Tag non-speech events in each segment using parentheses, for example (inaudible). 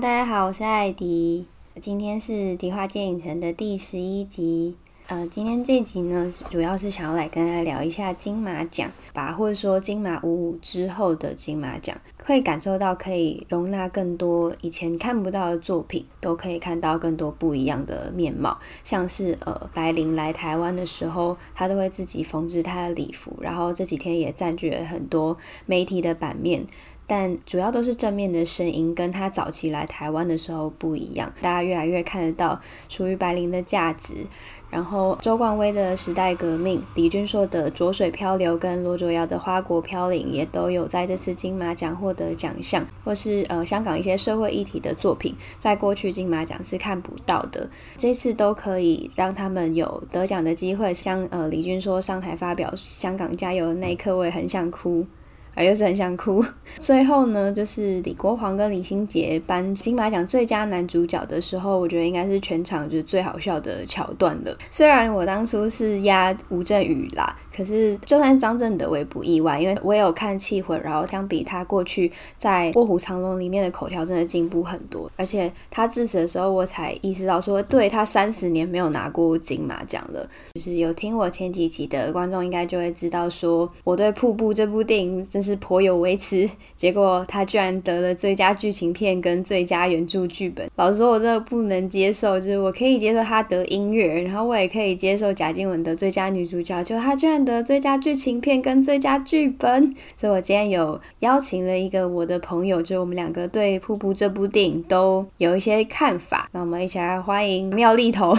大家好，我是艾迪，今天是迪話街影城的第十一集。呃，今天這一集呢，主要是想要來跟大家聊一下金馬獎吧，或者說金馬五五之後的金馬獎，可以感受到可以容納更多以前看不到的作品，都可以看到更多不一樣的面貌。像是呃，白靈來台灣的時候，她都會自己縫制她的禮服，然後這幾天也占據了很多媒體的版面。但主要都是正面的聲音，跟他早期來台灣的時候不一樣。大家越來越看得到屬於白靈的價值，然後周冠威的時代革命、李駿碩的濁水漂流跟羅卓瑤的花果飄零也都有在這次金馬獎獲得獎項，或是呃香港一些社會議題的作品，在過去金馬獎是看不到的，這次都可以讓他們有得獎的機會。像呃李駿碩，碩上台發表“香港加油”的那一刻，我也很想哭。啊，又是很想哭。最後呢，就是李國煌跟李心潔頒金馬獎最佳男主角的時候，我覺得應該是全場就是最好笑的橋段了。雖然我當初是壓吳鎮宇啦。可是，就算張震得，我也不意外，因為我也有看《緝魂》，然後相比他過去在《臥虎藏龍》裡面的口條，真的進步很多。而且他致詞的時候，我才意識到說，對他三十年沒有拿過金馬獎了。就是有聽我前幾期的觀眾應該就會知道說，說我對《瀑布》這部電影真是頗有微詞。結果他居然得了最佳劇情片跟最佳原著劇本，老實說，我真的不能接受。就是我可以接受他得音樂，然後我也可以接受賈靜雯的最佳女主角，就他居然。的最佳劇情片跟最佳劇本，所以我今天有邀請了一個我的朋友，就是我們兩個對《瀑布》這部電影都有一些看法，那我們一起來歡迎妙麗頭。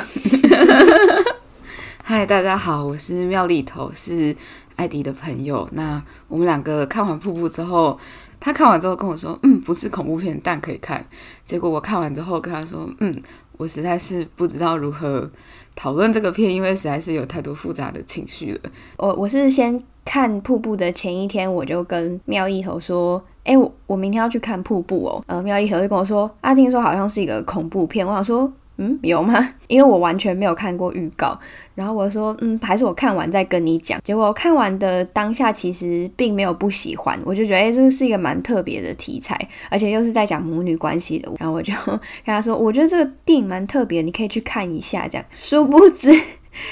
嗨 (laughs) (laughs) 大家好，我是妙麗頭，是艾迪的朋友。那我們兩個看完《瀑布》之後，他看完之後跟我說，嗯，不是恐怖片，但可以看。結果我看完之後跟他說，嗯，我實在是不知道如何。討論這個片，因為實在是有太多複雜的情緒了。我、哦、我是先看瀑布的前一天，我就跟妙麗頭說：“哎、欸，我我明天要去看瀑布哦。”呃，妙麗頭就跟我說：“啊，聽說好像是一個恐怖片。”我想說。嗯，有嗎？因為我完全沒有看過預告，然後我說，嗯，還是我看完再跟你講。結果看完的當下，其實並沒有不喜歡，我就覺得，這是一個蠻特別的題材，而且又是在講母女關係的。然後我就跟他說，我覺得這個電影蠻特別，你可以去看一下。這樣，殊不知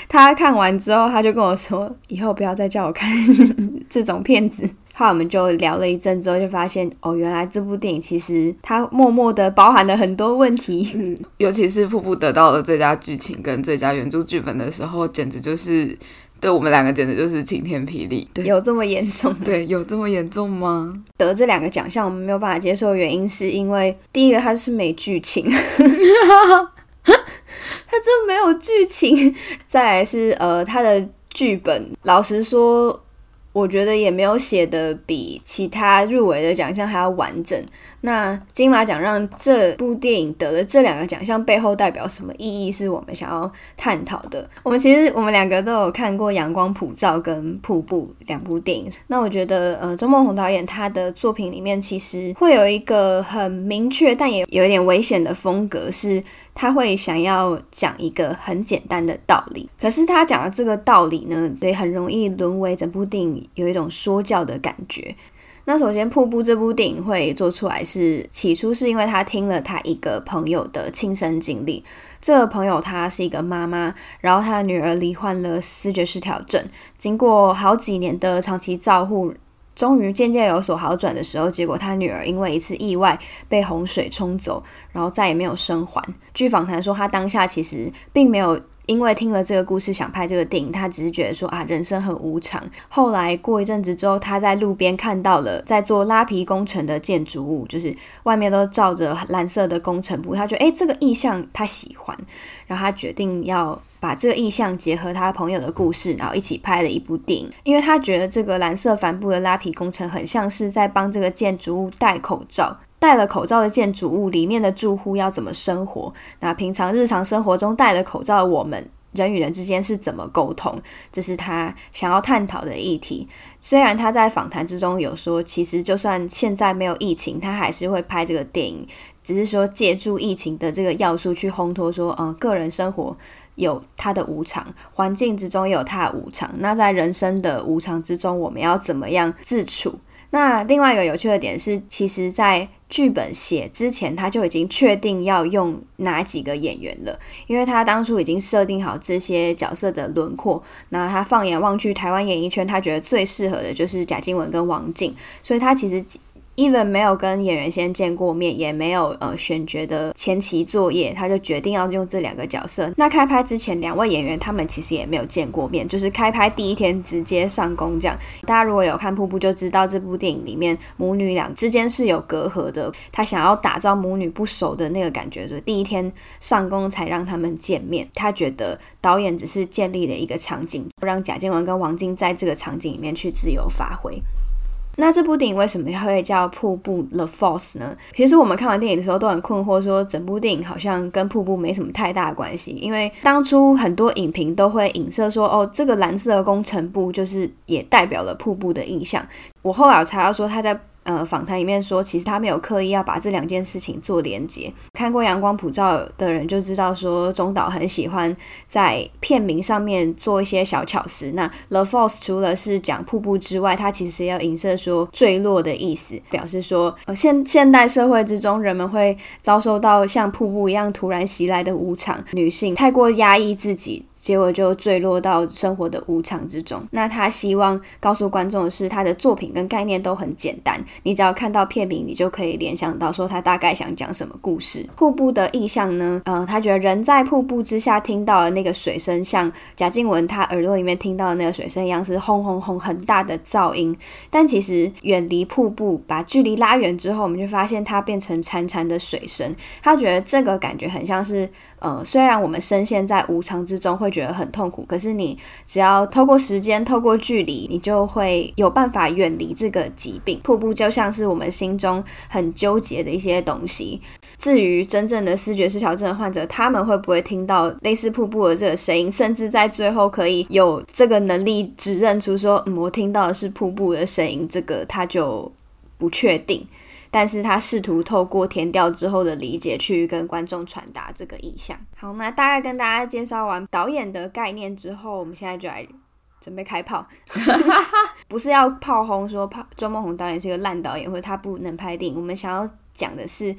他看完之後，他就跟我說，以後不要再叫我看 (laughs) 這種片子。怕我們就聊了一陣之後，就發現哦，原來這部電影其實它默默的包含了很多問題。嗯，尤其是瀑布得到了最佳劇情跟最佳原著劇本的時候，簡直就是對我們兩個簡直就是晴天霹靂。對，有這麼嚴重？對，有這麼嚴重嗎？得這兩個獎項我們沒有辦法接受的原因，是因為第一個它是沒劇情，它 (laughs) 就沒有劇情。再來是呃，它的劇本，老實說。我覺得也沒有寫的比其他入圍的獎項還要完整。那金馬獎讓這部電影得了這兩個獎項背後代表什麼意義，是我們想要探討的。我們其實我們兩個都有看過《陽光普照》跟《瀑布》兩部電影。那我覺得，呃，鍾孟宏導演他的作品裡面，其實會有一個很明確但也有一點危險的風格，是他會想要講一個很簡單的道理。可是他講的這個道理呢，也很容易淪為整部電影有一種說教的感覺。那首先，《瀑布》這部電影會做出來，是起初是因為他聽了他一個朋友的親身經歷。這個朋友她是一個媽媽，然後她的女兒罹患了思覺失調症，經過好幾年的長期照顧，終於漸漸有所好轉的時候，結果她女兒因為一次意外被洪水沖走，然後再也沒有生還。據訪談說，他當下其實並沒有。因為聽了這個故事，想拍這個電影，他只是覺得說啊，人生很無常。後來過一陣子之後，他在路邊看到了在做拉皮工程的建築物，就是外面都罩着藍色的工程布，他覺得，誒，這個意象他喜歡，然後他決定要把這個意象結合他朋友的故事，然後一起拍了一部電影。因為他覺得這個藍色帆布的拉皮工程很像是在幫這個建築物戴口罩。戴了口罩的建築物裡面的住戶要怎麼生活？那平常日常生活中戴了口罩的我們人與人之間是怎麼溝通？這是他想要探討的議題。雖然他在訪談之中有說，其實就算現在沒有疫情，他還是會拍這個電影，只是說借助疫情的這個要素去烘托說，嗯，個人生活有他的無常，環境之中有他的無常。那在人生的無常之中，我們要怎麼樣自處？那另外一個有趣的點是，其實，在劇本寫之前，他就已經確定要用哪幾個演員了，因為他當初已經設定好這些角色的輪廓。那他放眼望去，台灣演藝圈，他覺得最適合的就是賈靜雯跟王淨，所以他其實。Even 沒有跟演員先見過面，也沒有呃選角的前期作業，他就決定要用這兩個角色。那開拍之前，兩位演員他們其實也沒有見過面，就是開拍第一天直接上工這樣。大家如果有看《瀑布》就知道，這部電影裡面母女倆之間是有隔閡的。他想要打造母女不熟的那個感覺，所、就、以、是、第一天上工才讓他們見面。他覺得導演只是建立了一個場景，讓賈靜雯跟王淨在這個場景裡面去自由發揮。那這部電影為什麼會叫《瀑布》The Falls 呢？其實我們看完電影的時候都很困惑，說整部電影好像跟瀑布沒什麼太大關係。因為當初很多影評都會影射說，哦，這個藍色的工程布就是也代表了瀑布的印象。我後來有查到說他在。呃，訪談裡面說，其實他沒有刻意要把這兩件事情做連接。看過《陽光普照》的人就知道，說中島很喜歡在片名上面做一些小巧思。那《The Falls》除了是講瀑布之外，它其實要影射說墜落的意思，表示說，呃，現現代社會之中，人們會遭受到像瀑布一樣突然襲來的無常。女性太過壓抑自己，結果就墜落到生活的無常之中。那他希望告訴觀眾的是，他的作品跟概念都很簡單，你只要看到片名，你就可以聯想到說他大概想講什麼故事。瀑布的意象呢？嗯、呃，他覺得人在瀑布之下聽到的那個水聲，像賈靜雯她耳朵裡面聽到的那個水聲一樣，是轟轟轟很大的噪音。但其實遠離瀑布，把距離拉遠之後，我們就發現它變成潺潺的水聲。他覺得這個感覺很像是。呃、嗯，雖然我們深陷在無常之中，會覺得很痛苦，可是你只要透過時間、透過距離，你就會有辦法遠離這個疾病。瀑布就像是我們心中很糾結的一些東西。至於真正的思覺失調症的患者，他們會不會聽到類似瀑布的這個聲音，甚至在最後可以有這個能力指認出說，嗯，我聽到的是瀑布的聲音，這個他就不確定。但是他試圖透過填掉之後的理解去跟觀眾傳達這個意象。好，那大概跟大家介紹完導演的概念之後，我們現在就來準備開炮， (laughs) (laughs) 不是要炮轟說鍾孟宏導演是個爛導演，或者他不能拍電影。我們想要講的是，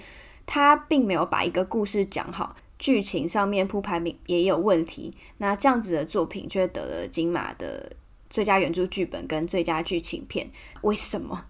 他並沒有把一個故事講好，劇情上面鋪排也有問題。那這樣子的作品卻得了金馬的最佳原著劇本跟最佳劇情片，為什麼？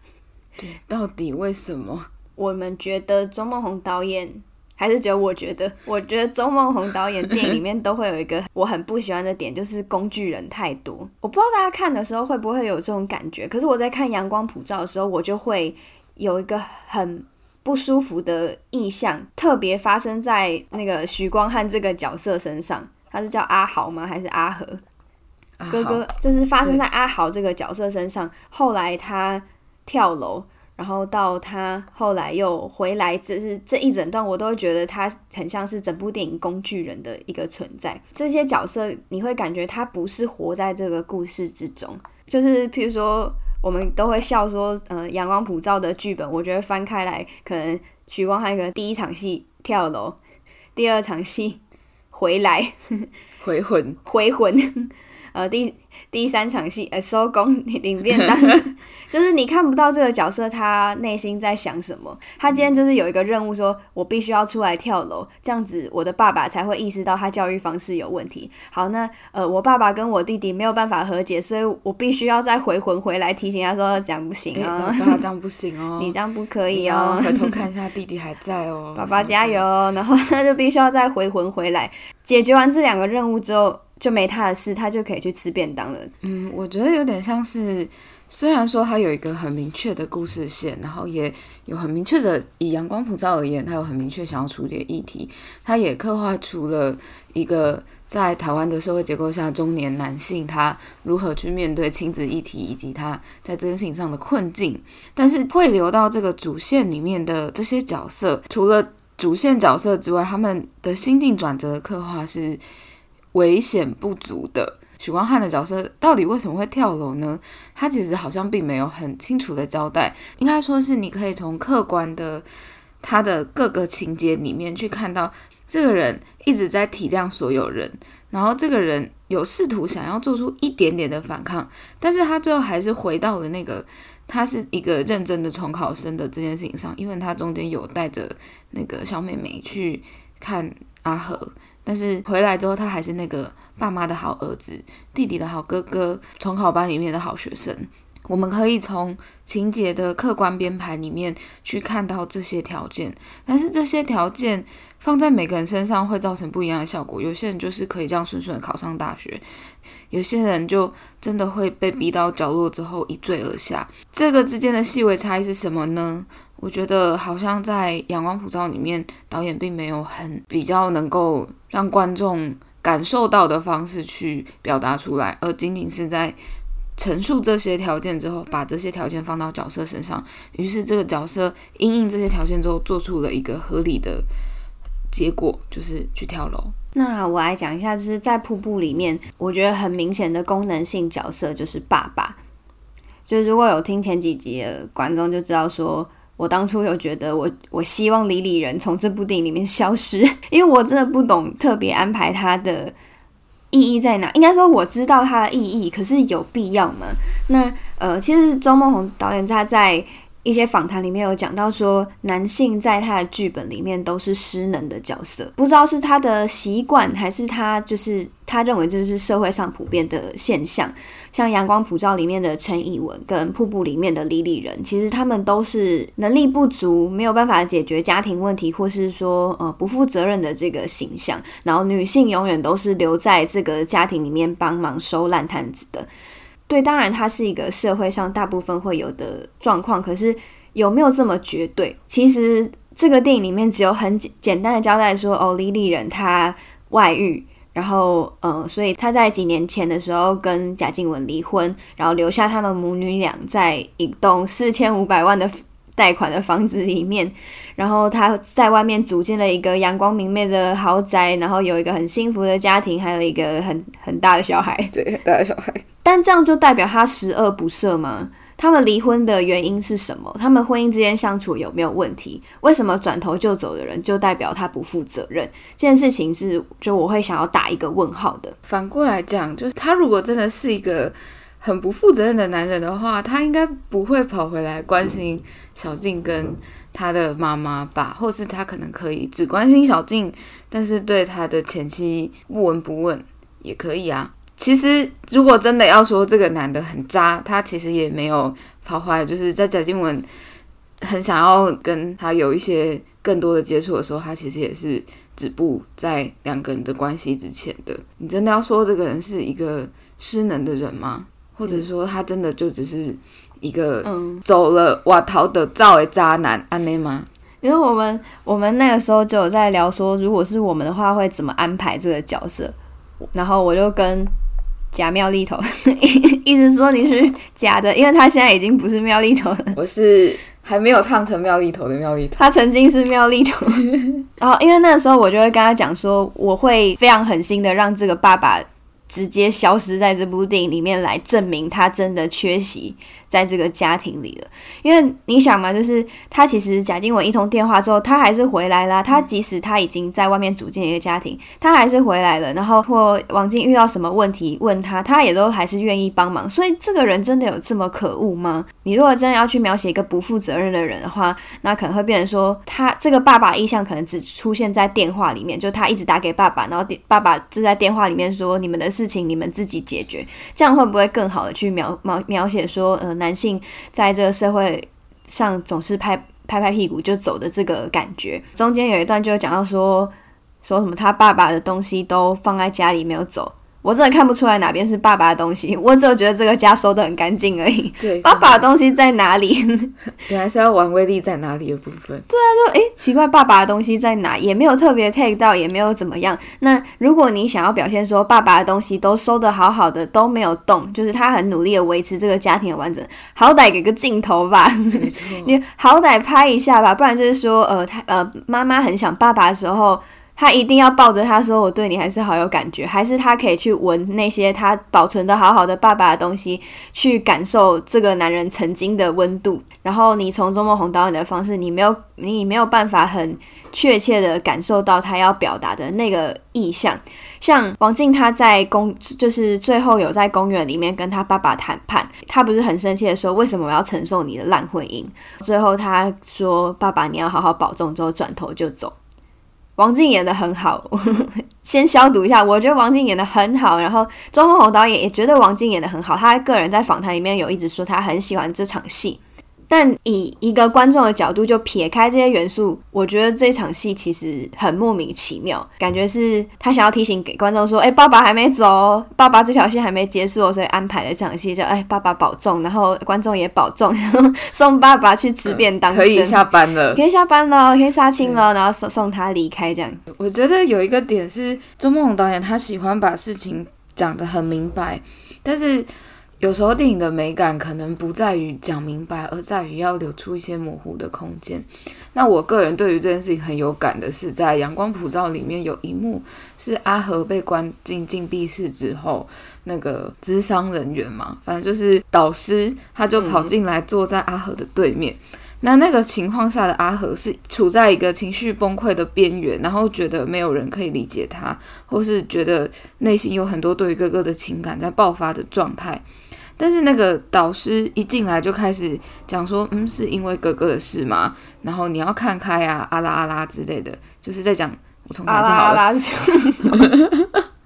到底為什麼？我們覺得鍾孟宏導演，還是只有我覺得，我覺得鍾孟宏導演電影裡面都會有一個我很不喜歡的點， (laughs) 就是工具人太多。我不知道大家看的時候會不會有這種感覺，可是我在看《陽光普照》的時候，我就會有一個很不舒服的印象，特別發生在那個許光漢這個角色身上。他是叫阿豪嗎？還是阿和？阿豪哥哥就是發生在阿豪這個角色身上。對後來他，跳樓，然後到他後來又回來，就是這一整段，我都會覺得他很像是整部電影工具人的一個存在。這些角色，你會感覺他不是活在這個故事之中。就是，譬如說，我們都會笑說，呃，陽光普照的劇本，我覺得翻開來，可能許光漢可能第一場戲跳樓，第二場戲回來， (laughs) 回魂，回魂。呃，第第三場戲，呃、欸，收工領便當了，是 (laughs) 就是你看不到這個角色他內心在想什麼。他今天就是有一個任務說，說我必須要出來跳樓，這樣子我的爸爸才會意識到他教育方式有問題。好，那呃，我爸爸跟我弟弟沒有辦法和解，所以我必須要再回魂回來提醒他說講不行啊，這樣不行哦，欸、這樣不行哦 (laughs) 你這樣不可以哦、啊，回頭看一下弟弟還在哦， (laughs) 爸爸加油，然後他就必須要再回魂回來解決完這兩個任務之後。就沒他的事，他就可以去吃便當了。嗯，我覺得有點像是，雖然說他有一個很明確的故事線，然後也有很明確的，以陽光普照而言，他有很明確想要處理的議題，他也刻畫出了一個在台灣的社會結構下，中年男性他如何去面對親子議題，以及他在徵信上的困境。但是會留到這個主線裡面的這些角色，除了主線角色之外，他們的心境轉折的刻畫是。危險不足的許光漢的角色到底為什麼會跳樓呢？他其實好像並沒有很清楚的交代，應該說是你可以從客觀的他的各個情節裡面去看到，這個人一直在體諒所有人，然後這個人有試圖想要做出一點點的反抗，但是他最後還是回到了那個他是一個認真的重考生的這件事情上，因為他中間有帶着那個小妹妹去看阿和。但是回來之後，他還是那個爸媽的好兒子，弟弟的好哥哥，重考班裡面的好學生。我們可以從情節的客觀編排裡面去看到這些條件，但是這些條件放在每個人身上會造成不一樣的效果。有些人就是可以這樣順順的考上大學，有些人就真的會被逼到角落之後一墜而下。這個之間的細微差異是什麼呢？我覺得好像在《陽光普照》裡面，導演並沒有很比較能夠讓觀眾感受到的方式去表達出來，而僅僅是在陳述這些條件之後，把這些條件放到角色身上，於是這個角色因應這些條件之後，做出了一個合理的結果，就是去跳樓。那我來講一下，就是在《瀑布》裡面，我覺得很明顯的功能性角色就是爸爸，就如果有聽前幾集的觀眾就知道說。我當初有覺得我，我我希望李李仁從這部電影裡面消失，因為我真的不懂特別安排他的意義在哪。應該說，我知道他的意義，可是有必要嗎？那呃，其實鍾孟宏導演他在。一些訪談裡面有講到說，男性在他的劇本裡面都是失能的角色，不知道是他的習慣，還是他就是他認為就是社會上普遍的現象。像《陽光普照》裡面的陳以文跟《瀑布》裡面的李李仁，其實他們都是能力不足，沒有辦法解決家庭問題，或是說呃不負責任的這個形象。然後女性永遠都是留在這個家庭裡面幫忙收爛攤子的。對，當然它是一個社會上大部分會有的狀況，可是有沒有這麼絕對？其實這個電影裡面只有很簡單的交代說，哦，李李仁他外遇，然後呃，所以他，在幾年前的時候跟賈靜雯離婚，然後留下他們母女倆在一棟四千五百萬的貸款的房子裡面，然後他在外面組建了一個陽光明媚的豪宅，然後有一個很幸福的家庭，還有一個很很大的小孩，對，很大的小孩。但這樣就代表他十惡不赦嗎？他們離婚的原因是什麼？他們婚姻之間相處有沒有問題？為什麼轉頭就走的人就代表他不負責任？這件事情是，就我會想要打一個問號的。反過來講，就是他如果真的是一個很不負責任的男人的話，他應該不會跑回來關心小靜跟他的媽媽吧？或是他可能可以只關心小靜，但是對他的前妻不聞不問也可以啊。其實，如果真的要說這個男的很渣，他其實也沒有跑壞。就是在賈靜雯很想要跟他有一些更多的接觸的時候，他其實也是止步在兩個人的關係之前的。你真的要說這個人是一個失能的人嗎？或者說他真的就只是一個走了我逃的造為渣男安內、嗯、嗎？因為我們我們那個時候就有在聊說，如果是我們的話會怎麼安排這個角色，然後我就跟。假妙麗頭一，一直說你是假的，因為他現在已經不是妙麗頭了。我是還沒有燙成妙麗頭的妙麗頭。他曾經是妙麗頭，然後、 (laughs) 哦、因為那個時候我就會跟他講說，我會非常狠心的讓這個爸爸。直接消失在這部電影裡面來證明他真的缺席在這個家庭裡了。因為你想嘛，就是他其實賈靜雯一通電話之後，他還是回來啦。他即使他已經在外面組建一個家庭，他還是回來了。然後或王淨遇到什麼問題問他，他也都還是願意幫忙。所以這個人真的有這麼可惡嗎？你如果真的要去描寫一個不負責任的人的話，那可能會變成說他這個爸爸意象可能只出現在電話裡面，就他一直打給爸爸，然後爸爸就在電話裡面說你們的事。請你們自己解決，這樣會不會更好的去描描描寫說呃，男性在這個社會上總是拍拍拍屁股就走的這個感覺？中間有一段就講到說說什麼他爸爸的東西都放在家裡沒有走。我真的看不出來哪邊是爸爸的東西，我只有覺得這個家收的很乾淨而已。對，爸爸的東西在哪裡？你還是要玩威力在哪裡的部分。對啊，就誒、欸，奇怪，爸爸的東西在哪？也沒有特別 take 到，也沒有怎麼樣。那如果你想要表現說爸爸的東西都收的好好的，都沒有動，就是他很努力的維持這個家庭的完整，好歹給個鏡頭吧。對 (laughs) 你好歹拍一下吧，不然就是說呃，他呃，媽媽很想爸爸的時候。他一定要抱着他說：“我對你還是好有感覺。”還是他可以去聞那些他保存的好好的爸爸的東西，去感受這個男人曾經的溫度。然後你從鍾孟宏導演的方式，你沒有你沒有辦法很確切的感受到他要表達的那個意向。像王靜，他在公就是最後有在公園裡面跟他爸爸談判，他不是很生氣的說：“為什麼我要承受你的爛婚姻？”最後他說：“爸爸，你要好好保重。”之後轉頭就走。王淨演的很好，先消毒一下。我覺得王淨演的很好，然後鍾孟宏導演也覺得王淨演的很好。他個人在訪談裡面有一直說他很喜歡這場戲。但以一個觀眾的角度，就撇開這些元素，我覺得這場戲其實很莫名其妙，感覺是他想要提醒給觀眾說：“哎，爸爸還沒走，爸爸這條線還沒結束，所以安排了這場戲就，就哎，爸爸保重’，然後觀眾也保重，然後送爸爸去吃便當，呃、可以下班了、嗯，可以下班了，可以殺青了，對然後送送他離開。”這樣，我覺得有一個點是鍾孟宏導演他喜歡把事情講得很明白，但是。有時候電影的美感可能不在於講明白，而在於要留出一些模糊的空間。那我個人對於這件事情很有感的是，在《陽光普照》裡面有一幕是阿和被關進禁閉室之後，那個資商諮商人員嘛，反正就是導師，他就跑進來坐在阿和的對面。嗯、那那個情況下的阿和是處在一個情緒崩潰的邊緣，然後覺得沒有人可以理解他，或是覺得內心有很多對於哥哥的情感在爆發的狀態。但是那個導師一進來就開始講說，嗯，是因為哥哥的事嗎？然後你要看開啊，阿拉阿拉之類的，就是在講我從重阿好了。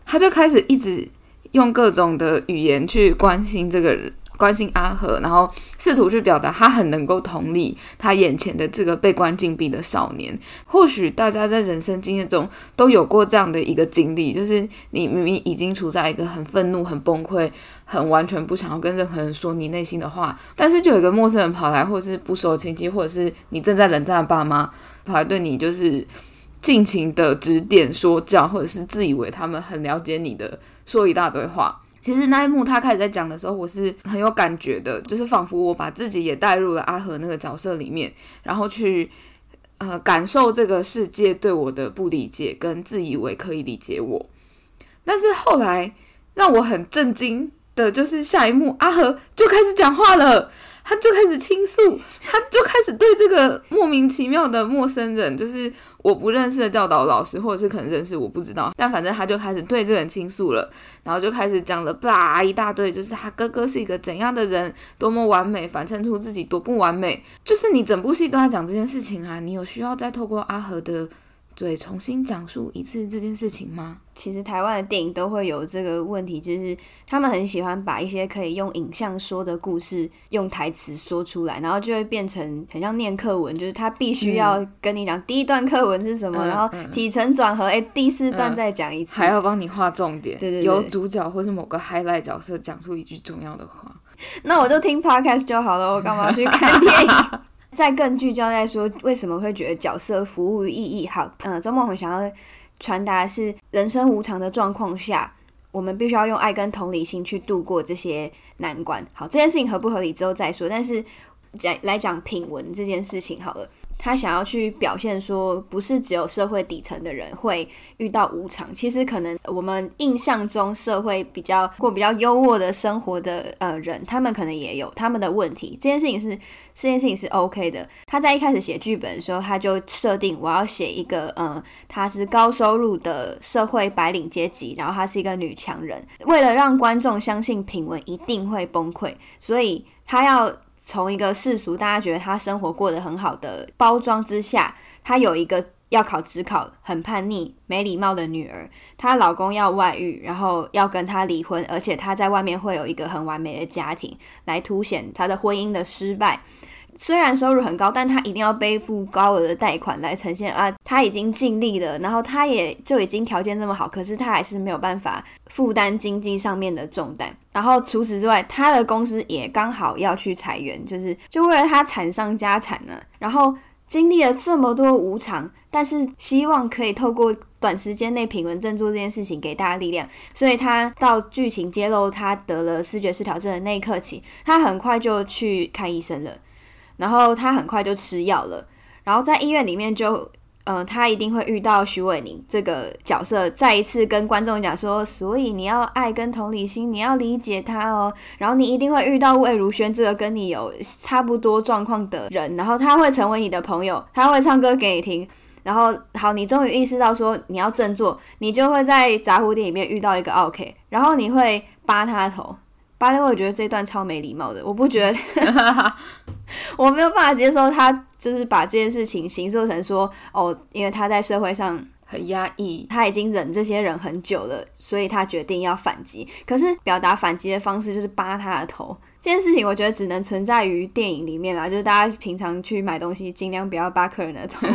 他就開始一直用各種的語言去關心這個人，關心阿和，然後試圖去表達他很能夠同理他眼前的這個被關禁閉的少年。或許大家在人生經驗中都有過這樣的一個經歷，就是你明明已經處在一個很憤怒、很崩潰。很完全不想要跟任何人說你內心的話，但是就有一個陌生人跑來，或者是不熟的親戚，或者是你正在冷戰的爸媽跑來對你，就是盡情的指點說教，或者是自以為他們很了解你的，說一大堆話。其實那一幕他開始在講的時候，我是很有感覺的，就是仿佛我把自己也帶入了阿和那個角色裡面，然後去呃感受這個世界對我的不理解，跟自以為可以理解我。但是後來讓我很震驚。的就是下一幕，阿和就開始講話了，他就開始傾訴，他就開始對這個莫名其妙的陌生人，就是我不認識的教導老師，或者是可能認識我不知道，但反正他就開始對這個人傾訴了，然後就開始講了吧，一大堆，就是他哥哥是一個怎樣的人，多麼完美，反襯出自己多不完美，就是你整部戲都在講這件事情啊，你有需要再透過阿和的。對，重新講述一次這件事情嗎？其實台灣的電影都會有這個問題，就是他們很喜歡把一些可以用影像說的故事，用台詞說出來，然後就會變成很像念課文，就是他必須要跟你講第一段課文是什麼，嗯、然後起承轉合，哎、嗯，第四段再講一次，還要幫你畫重點，對，對對，有主角或是某個 highlight 角色講出一句重要的話。那我就聽 podcast 就好了，我幹嘛去看電影？ (laughs) 再更聚焦在說為什麼會覺得角色服務於意義好，嗯，鍾孟宏想要傳達的是人生無常的狀況下，我們必須要用愛跟同理心去度過這些難關。好，這件事情合不合理之後再說，但是來來講品文這件事情好了。他想要去表現說，不是只有社會底層的人會遇到無常。其實可能我們印象中社會比較過比較優渥的生活的呃人，他們可能也有他們的問題。這件事情是這件事情是 OK 的。他在一開始寫劇本的時候，他就設定我要寫一個呃，他是高收入的社會白領階級，然後他是一個女強人，為了讓觀眾相信品文一定會崩潰，所以他要。從一個世俗大家覺得她生活過得很好的包裝之下，她有一個要考指考很叛逆、沒禮貌的女兒，她老公要外遇，然後要跟她離婚，而且她在外面會有一個很完美的家庭來凸顯她的婚姻的失敗。雖然收入很高，但他一定要背負高額的貸款來呈現啊！他已經盡力了，然後他也就已經條件這麼好，可是他還是沒有辦法負擔經濟上面的重擔。然後除此之外，他的公司也剛好要去裁員，就是就為了他慘上加慘了。然後經歷了這麼多無常，但是希望可以透過短時間內平穩振作這件事情給大家力量。所以他到劇情揭露他得了思覺失調症的那一刻起，他很快就去看醫生了。然後他很快就吃藥了，然後在醫院裡面就，呃，他一定會遇到許瑋甯這個角色，再一次跟觀眾講說，所以你要愛跟同理心，你要理解他哦。然後你一定會遇到魏如萱這個跟你有差不多狀況的人，然後他會成為你的朋友，他會唱歌給你聽。然後好，你終於意識到說你要振作，你就會在雜貨店裡面遇到一個 OK，然後你會扒他的頭。By the way，我覺得這段超沒禮貌的，我不覺得， (laughs) 我沒有辦法接受他就是把這件事情形容成說，哦，因為他在社會上很壓抑，他已經忍這些人很久了，所以他決定要反擊。可是表達反擊的方式就是扒他的頭，這件事情我覺得只能存在於電影裡面啦。就是大家平常去買東西，儘量不要扒客人的頭，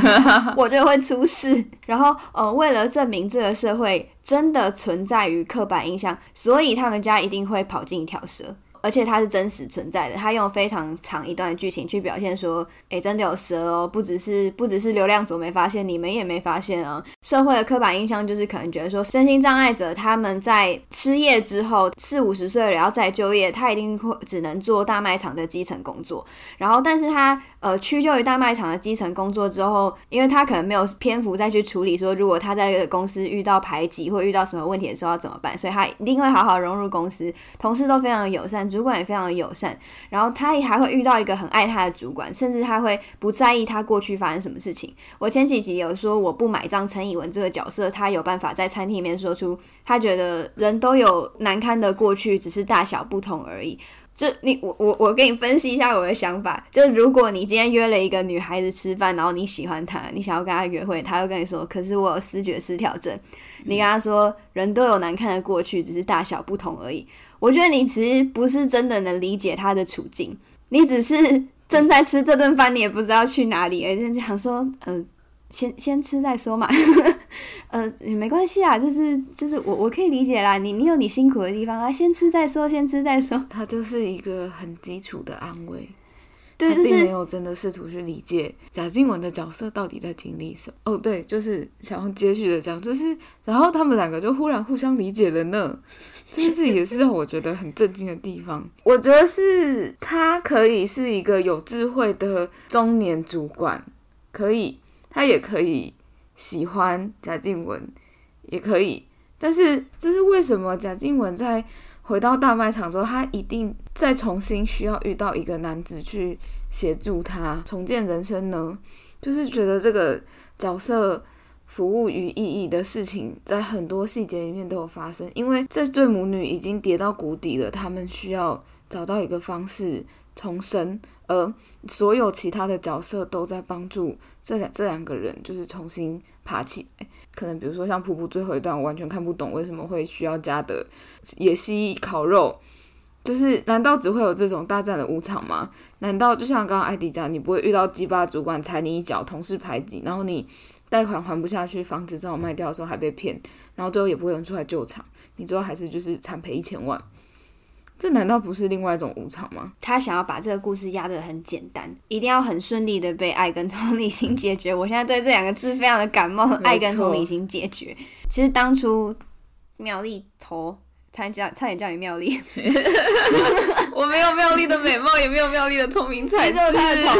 (laughs) 我覺得會出事。然後，呃，為了證明這個社會。真的存在於刻板印象，所以他們家一定會跑進一條蛇，而且它是真實存在的。他用非常長一段劇情去表現說，誒、欸，真的有蛇哦，不只是不只是流量組沒發現，你們也沒發現啊。社會的刻板印象就是可能覺得說，身心障礙者他們在失業之後四五十歲了，然後再就業，他一定會只能做大賣場的基層工作，然後但是他。呃，屈就於大賣場的基層工作之後，因為他可能沒有篇幅再去處理說，如果他在公司遇到排擠或遇到什麼問題的時候要怎麼辦，所以他一定會好好融入公司，同事都非常的友善，主管也非常的友善，然後他也還會遇到一個很愛他的主管，甚至他會不在意他過去發生什麼事情。我前幾集有說我不買賬，陳以文這個角色他有辦法在餐廳裡面說出他覺得人都有難堪的過去，只是大小不同而已。就你我我我跟你分析一下我的想法。就，如果你今天約了一個女孩子吃飯，然後你喜歡她，你想要跟她約會，她就跟你說：“可是我有思覺失調症。”你跟她說：“人都有難看的過去，只是大小不同而已。”我覺得你其實不是真的能理解她的處境，你只是正在吃這頓飯，你也不知道去哪裡而，而且想說：“嗯、呃，先先吃再說嘛。 (laughs) ”呃，也沒關係啊，就是就是我我可以理解啦。你你有你辛苦的地方啊，先吃再說，先吃再說。他就是一個很基礎的安慰，對就是、他並沒有真的試圖去理解賈靜雯的角色到底在經歷什麼。哦、oh，對，就是想要接續的講，就是然後他們兩個就忽然互相理解了呢，這是也是讓我覺得很震驚的地方。 (laughs) 我覺得是他可以是一個有智慧的中年主管，可以，他也可以。喜歡賈靜雯也可以，但是就是為什麼賈靜雯在回到大賣場之後，她一定再重新需要遇到一個男子去協助她重建人生呢？就是覺得這個角色服務於意義的事情，在很多細節裡面都有發生。因為這對母女已經跌到谷底了，他們需要找到一個方式重生。呃，所有其他的角色都在幫助這兩這兩個人，就是重新爬起。可能比如說像瀑布最後一段，我完全看不懂為什麼會需要加的野溪烤肉。就是難道只會有這種大戰的武場嗎？難道就像剛剛艾迪講，你不會遇到雞巴主管踩你一腳，同事排擠，然後你貸款還不下去，房子正好賣掉的時候還被騙，然後最後也不會有人出來救場，你最後還是就是慘賠一千萬。這難道不是另外一種無常嗎？他想要把這個故事壓得很簡單，一定要很順利的被愛跟同理心解決。我現在對這兩個字非常的感冒，沒錯。愛跟同理心解決。其實當初妙麗頭差點差點叫你妙麗，我沒有妙麗的美貌，也沒有妙麗的聰明才智 (laughs) 我只有她的頭。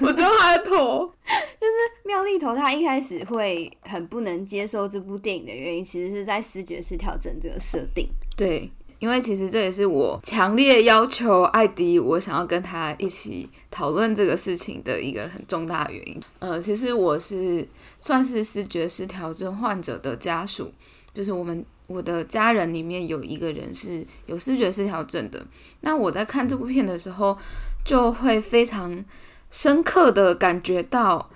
(laughs) 我只有她的頭 (laughs) 就是妙麗頭，她一開始會很不能接受這部電影的原因，其實是在思覺失調這個設定。對。因為其實這也是我強烈要求艾迪，我想要跟他一起討論這個事情的一個很重大的原因。呃，其實我是算是思覺失調症患者的家屬，就是我們我的家人裡面有一個人是有思覺失調症的。那我在看這部片的時候，就會非常深刻的感覺到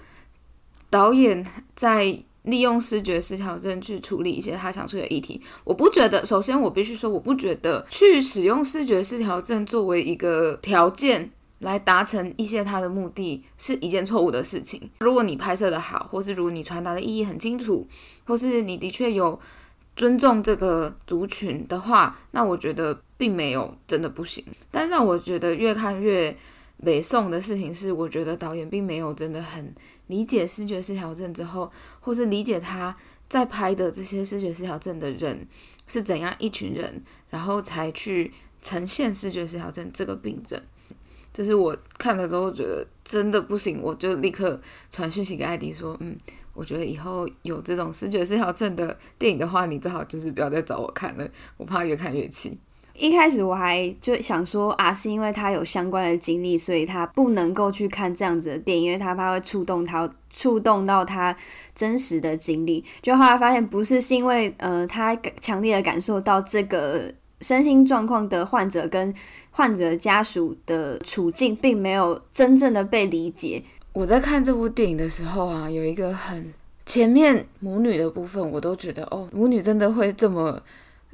導演在。利用思覺失調症去處理一些他想出的議題，我不覺得。首先，我必須說，我不覺得去使用思覺失調症作為一個條件來達成一些他的目的是一件錯誤的事情。如果你拍攝的好，或是如果你傳達的意義很清楚，或是你的確有尊重這個族群的話，那我覺得並沒有真的不行。但讓我覺得越看越北送的事情是，我覺得導演並沒有真的很。理解思覺失調症之後，或是理解他在拍的這些思覺失調症的人是怎樣一群人，然後才去呈現思覺失調症這個病症。這、就是我看的時候覺得真的不行，我就立刻傳訊息給艾迪說，嗯，我覺得以後有這種思覺失調症的電影的話，你最好就是不要再找我看了，我怕越看越氣。一開始我還就想說啊，是因為他有相關的經歷，所以他不能夠去看這樣子的電影，因為他怕會觸動他，觸動到他真實的經歷。就後來發現不是，是因為呃，他強烈的感受到這個身心狀況的患者跟患者家屬的處境，並沒有真正的被理解。我在看這部電影的時候啊，有一個很前面母女的部分，我都覺得哦，母女真的會這麼。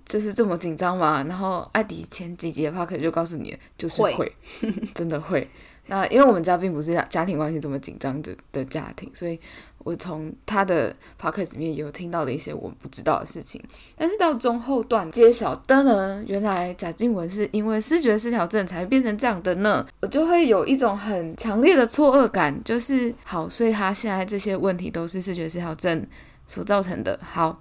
就是這麼緊張嘛？然後艾迪前幾集的 podcast 就告訴你，就是會， (laughs) 真的會。那因為我們家並不是家家庭關係這麼緊張的的家庭，所以我從他的 podcast 裡面有聽到了一些我不知道的事情。但是到中後段揭曉的呢，原來賈靜雯是因為視覺失調症才變成這樣的呢，我就會有一種很強烈的錯愕感，就是好，所以他現在這些問題都是視覺失調症所造成的。好。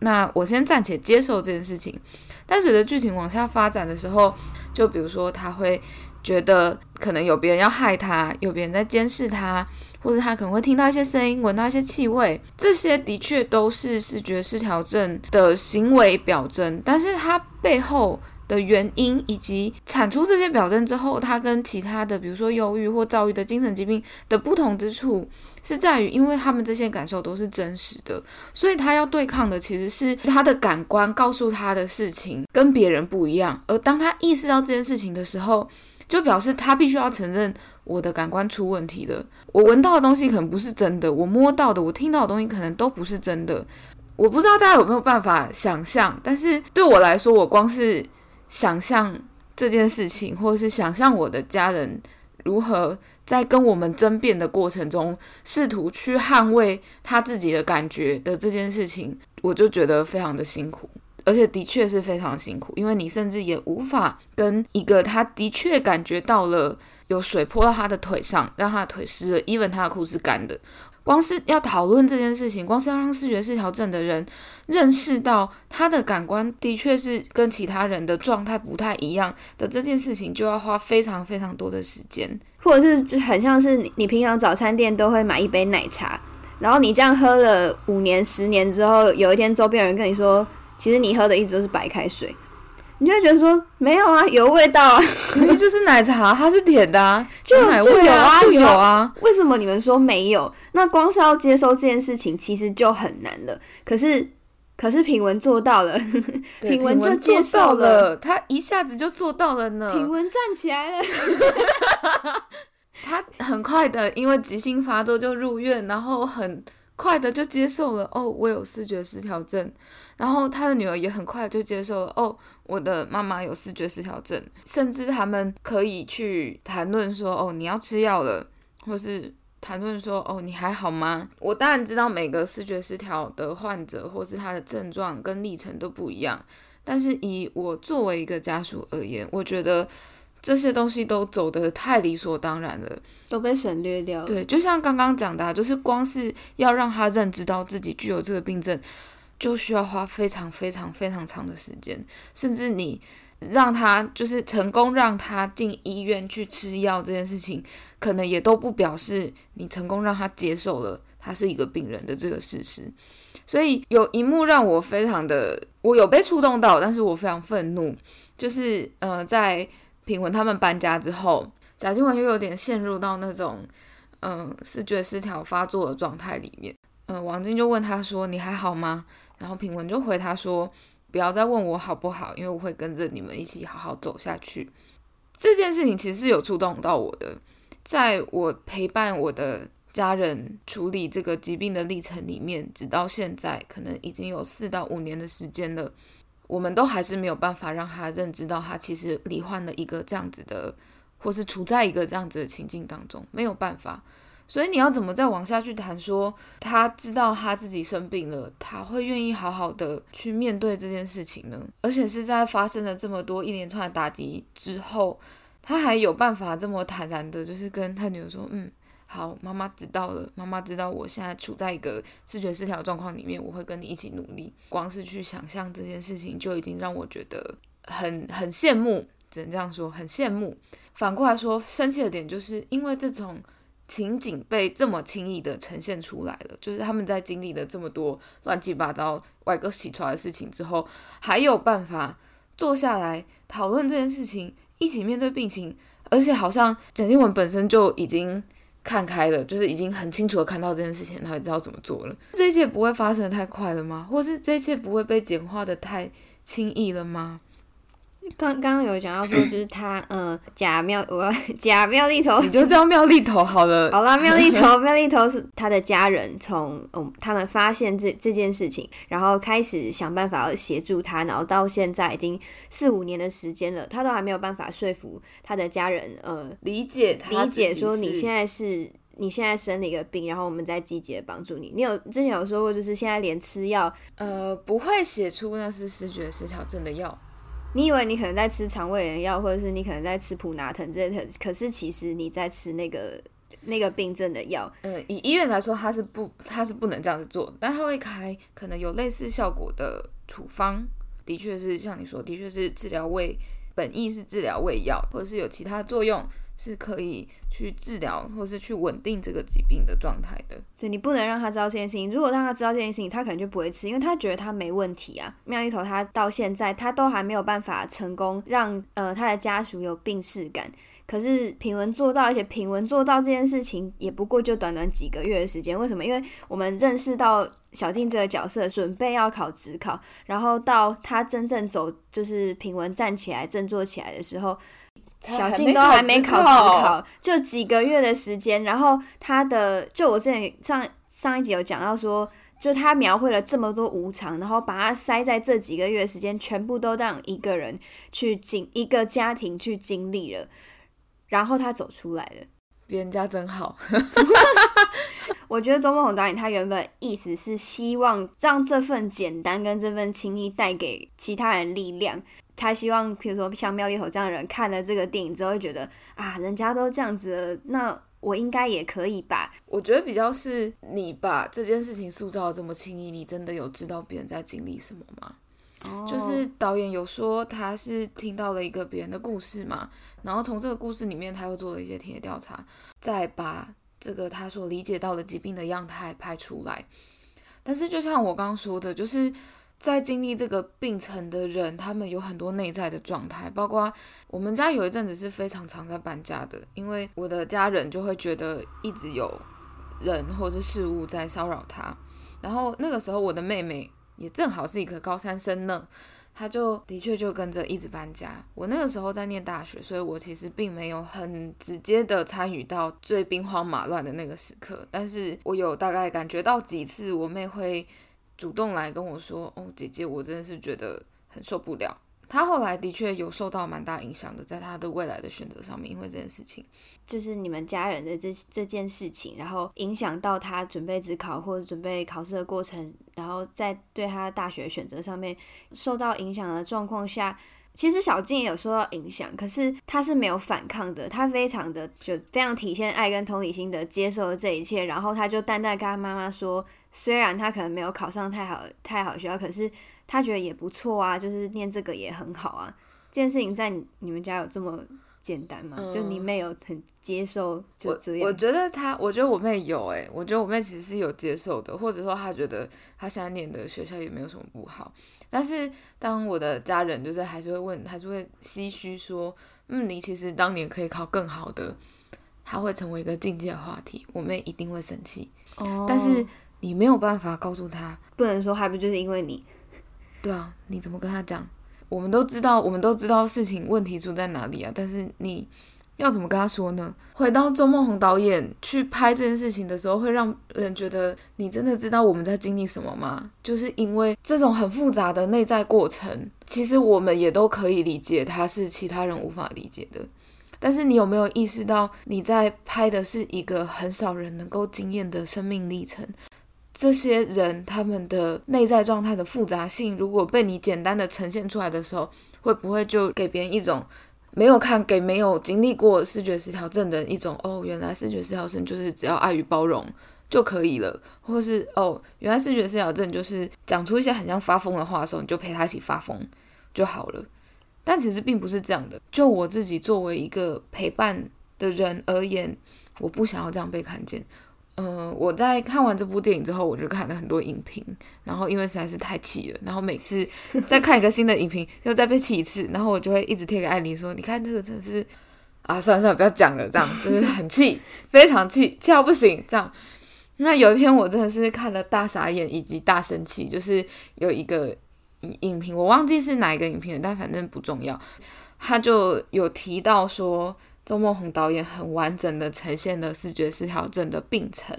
那我先暫且接受這件事情，但隨着劇情往下發展的時候，就比如說他會覺得可能有別人要害他，有別人在監視他，或者他可能會聽到一些聲音，聞到一些氣味，這些的確都是思覺失調症的行為表徵，但是他背後的原因，以及產出這些表徵之後，他跟其他的，比如說憂鬱或躁鬱的精神疾病的不同之處，是在於，因為他們這些感受都是真實的，所以他要對抗的其實是他的感官告訴他的事情跟別人不一樣。而當他意識到這件事情的時候，就表示他必須要承認我的感官出問題了。我聞到的東西可能不是真的，我摸到的，我聽到的東西可能都不是真的。我不知道大家有沒有辦法想象，但是對我來說，我光是。想象這件事情，或是想象我的家人如何在跟我們爭辯的過程中，試圖去捍衛他自己的感覺的這件事情，我就覺得非常的辛苦，而且的確是非常辛苦，因為你甚至也無法跟一個他的確感覺到了有水潑到他的腿上，讓他的腿濕了，even 他的褲子是乾的。光是要討論這件事情，光是要讓視覺失調症的人認識到他的感官的確是跟其他人的狀態不太一樣的這件事情，就要花非常非常多的時間，或者是就很像是你平常早餐店都會買一杯奶茶，然後你這樣喝了五年、十年之後，有一天周邊人跟你說，其實你喝的一直都是白開水。你就會覺得說沒有啊，有味道啊，因為就是奶茶，它是甜的啊，就奶啊就有啊，就有啊有。為什麼你們說沒有？那光是要接受這件事情，其實就很難了。可是，可是品文做到了，對品文就品文做到了，他一下子就做到了呢。品文站起來了， (laughs) 他很快的，因為急性發作就入院，然後很。快的就接受了哦，我有思覺失調症，然後他的女兒也很快就接受了哦，我的媽媽有思覺失調症，甚至他們可以去談論說哦，你要吃藥了，或是談論說哦，你還好嗎？我當然知道每個思覺失調的患者或是他的症狀跟歷程都不一樣，但是以我作為一個家屬而言，我覺得。這些東西都走得太理所當然了，都被省略掉了。對，就像剛剛講的啊，就是光是要讓他認知到自己具有這個病症，就需要花非常非常非常長的時間。甚至你讓他就是成功讓他進醫院去吃藥這件事情，可能也都不表示你成功讓他接受了他是一個病人的這個事實。所以有一幕讓我非常的，我有被觸動到，但是我非常憤怒，就是呃在品文他們搬家之後，賈靜雯又有點陷入到那種，嗯，思覺失調發作的狀態裡面。嗯，王靜就問他說：“你還好嗎？”然後品文就回他說：“不要再問我好不好，因為我會跟着你們一起好好走下去。”這件事情其實是有觸動到我的，在我陪伴我的家人處理這個疾病的歷程裡面，直到現在，可能已經有四到五年的時間了。我們都還是沒有辦法讓他認知到，他其實罹患了一個這樣子的，或是處在一個這樣子的情境當中，沒有辦法。所以你要怎麼再往下去談說，說他知道他自己生病了，他會願意好好的去面對這件事情呢？而且是在發生了這麼多一連串的打擊之後，他還有辦法這麼坦然的，就是跟他女兒說，嗯。好，媽媽知道了。媽媽知道我現在處在一個思覺失調狀況裡面，我會跟你一起努力。光是去想象這件事情，就已經讓我覺得很很羨慕，只能這樣說，很羨慕。反過來說，生氣的點就是因為這種情景被這麼輕易的呈現出來了。就是他們在經歷了這麼多亂七八糟、歪哥洗出來的事情之後，還有辦法坐下來討論這件事情，一起面對病情，而且好像賈靜雯本身就已經。看開了，就是已經很清楚的看到這件事情，他也知道怎麼做了。這一切不會發生的太快了嗎？或是這一切不會被簡化的太輕易了嗎？剛剛有講到說，就是他，呃，假妙，我要假妙麗頭，你就叫妙麗頭好了。好啦，妙麗頭，妙麗頭是他的家人。從嗯他們發現這這件事情，然後開始想辦法要協助他，然後到現在已經四五年的時間了，他都還沒有辦法說服他的家人，呃，理解他，理解說你現在是你現在生了一個病，然後我們在積極的幫助你。你有之前有說過，就是現在連吃藥，呃，不會寫出那是思覺失調症的藥。你以為你可能在吃腸胃炎藥，或者是你可能在吃普拿疼這些，可是其實你在吃那個那個病症的藥。呃、嗯，以醫院來說，它是不，它是不能這樣子做，但他會開可能有類似效果的處方。的確是像你說，的確是治療胃，本意是治療胃藥，或者是有其他作用。是可以去治療或是去穩定這個疾病的狀態的。對，你不能讓他知道這件事情。如果讓他知道這件事情，他可能就不會吃，因為他覺得他沒問題啊。妙麗頭他到現在他都還沒有辦法成功讓呃他的家屬有病識感，可是品文做到，而且品文做到這件事情也不過就短短幾個月的時間。為什麼？因為我們認識到小靜這個角色準備要考指考，然後到他真正走就是品文站起來振作起來的時候。小靜都還沒考指考，就幾個月的時間。然後他的，就我之前上上一集有講到說，就他描繪了這麼多無常，然後把他塞在這幾個月的時間，全部都讓一個人去經，一個家庭去經歷了，然後他走出來了。別人家真好。 (laughs) (laughs) 我覺得鍾孟宏導演他原本意思是希望讓這份簡單跟這份輕易帶給其他人力量。他希望，比如說像妙麗頭這樣的人看了這個電影之後，會覺得啊，人家都這樣子了，那我應該也可以吧？我覺得比較是你把這件事情塑造得這麼輕易，你真的有知道別人在經歷什麼嗎？Oh. 就是導演有說他是聽到了一個別人的故事嘛，然後從這個故事裡面他又做了一些田野調查，再把這個他所理解到的疾病的樣態拍出來。但是就像我剛剛說的，就是。在經歷這個病程的人，他們有很多內在的狀態，包括我們家有一陣子是非常常在搬家的，因為我的家人就會覺得一直有人或是事物在騷擾他。然後那個時候，我的妹妹也正好是一個高三生呢，她就的確就跟着一直搬家。我那個時候在念大學，所以我其實並沒有很直接的參與到最兵荒馬亂的那個時刻，但是我有大概感覺到幾次我妹會。主動來跟我說，哦，姐姐，我真的是覺得很受不了。他後來的確有受到蠻大影響的，在他的未來的選擇上面，因為這件事情，就是你們家人的這這件事情，然後影響到他準備指考或者準備考試的過程，然後在對他大學選擇上面受到影響的狀況下，其實小靜也有受到影響，可是她是沒有反抗的，她非常的就非常體現愛跟同理心的接受了這一切，然後她就淡淡跟她媽媽說，雖然她可能沒有考上太好太好的學校，可是她覺得也不錯啊，就是念這個也很好啊。這件事情在你，你們家有這麼簡單嗎？嗯、就你妹沒有很接受就這樣？我，我覺得她，我覺得我妹有哎、欸，我覺得我妹其實是有接受的，或者說她覺得她現在念的學校也沒有什麼不好。但是當我的家人就是還是會問，還是會唏噓說：“嗯，你其實當年可以考更好的，他會成為一個禁忌的話題。”我妹一定會生氣。哦。Oh. 但是你沒有辦法告訴他，不能說還不就是因為你？對啊，你怎麼跟他講？我們都知道，我們都知道事情問題出在哪裡啊！但是你。要怎麼跟他說呢？回到鍾孟宏導演去拍這件事情的時候，會讓人覺得你真的知道我們在經歷什麼嗎？就是因為這種很複雜的內在過程，其實我們也都可以理解它，他是其他人無法理解的。但是你有沒有意識到，你在拍的是一個很少人能夠經驗的生命歷程？這些人他們的內在狀態的複雜性，如果被你簡單的呈現出來的時候，會不會就給別人一種？沒有看給沒有經歷過思覺失調症的一種哦，原來思覺失調症就是只要愛與包容就可以了，或是哦，原來思覺失調症就是講出一些很像發瘋的話的時候，你就陪他一起發瘋就好了。但其實並不是這樣的。就我自己作為一個陪伴的人而言，我不想要這樣被看見。嗯、呃，我在看完這部電影之後，我就看了很多影評，然後因為實在是太氣了，然後每次再看一個新的影評，又 (laughs) 再被氣一次，然後我就會一直貼給艾迪說：“你看這個真的是啊，算了算了，不要講了，這樣就是很氣， (laughs) 非常氣，氣到不行。”這樣。那有一篇我真的是看了大傻眼以及大生氣，就是有一個影評，我忘記是哪一個影評了，但反正不重要。他就有提到說。鍾孟宏導演很完整的呈現了視覺失調症的病程，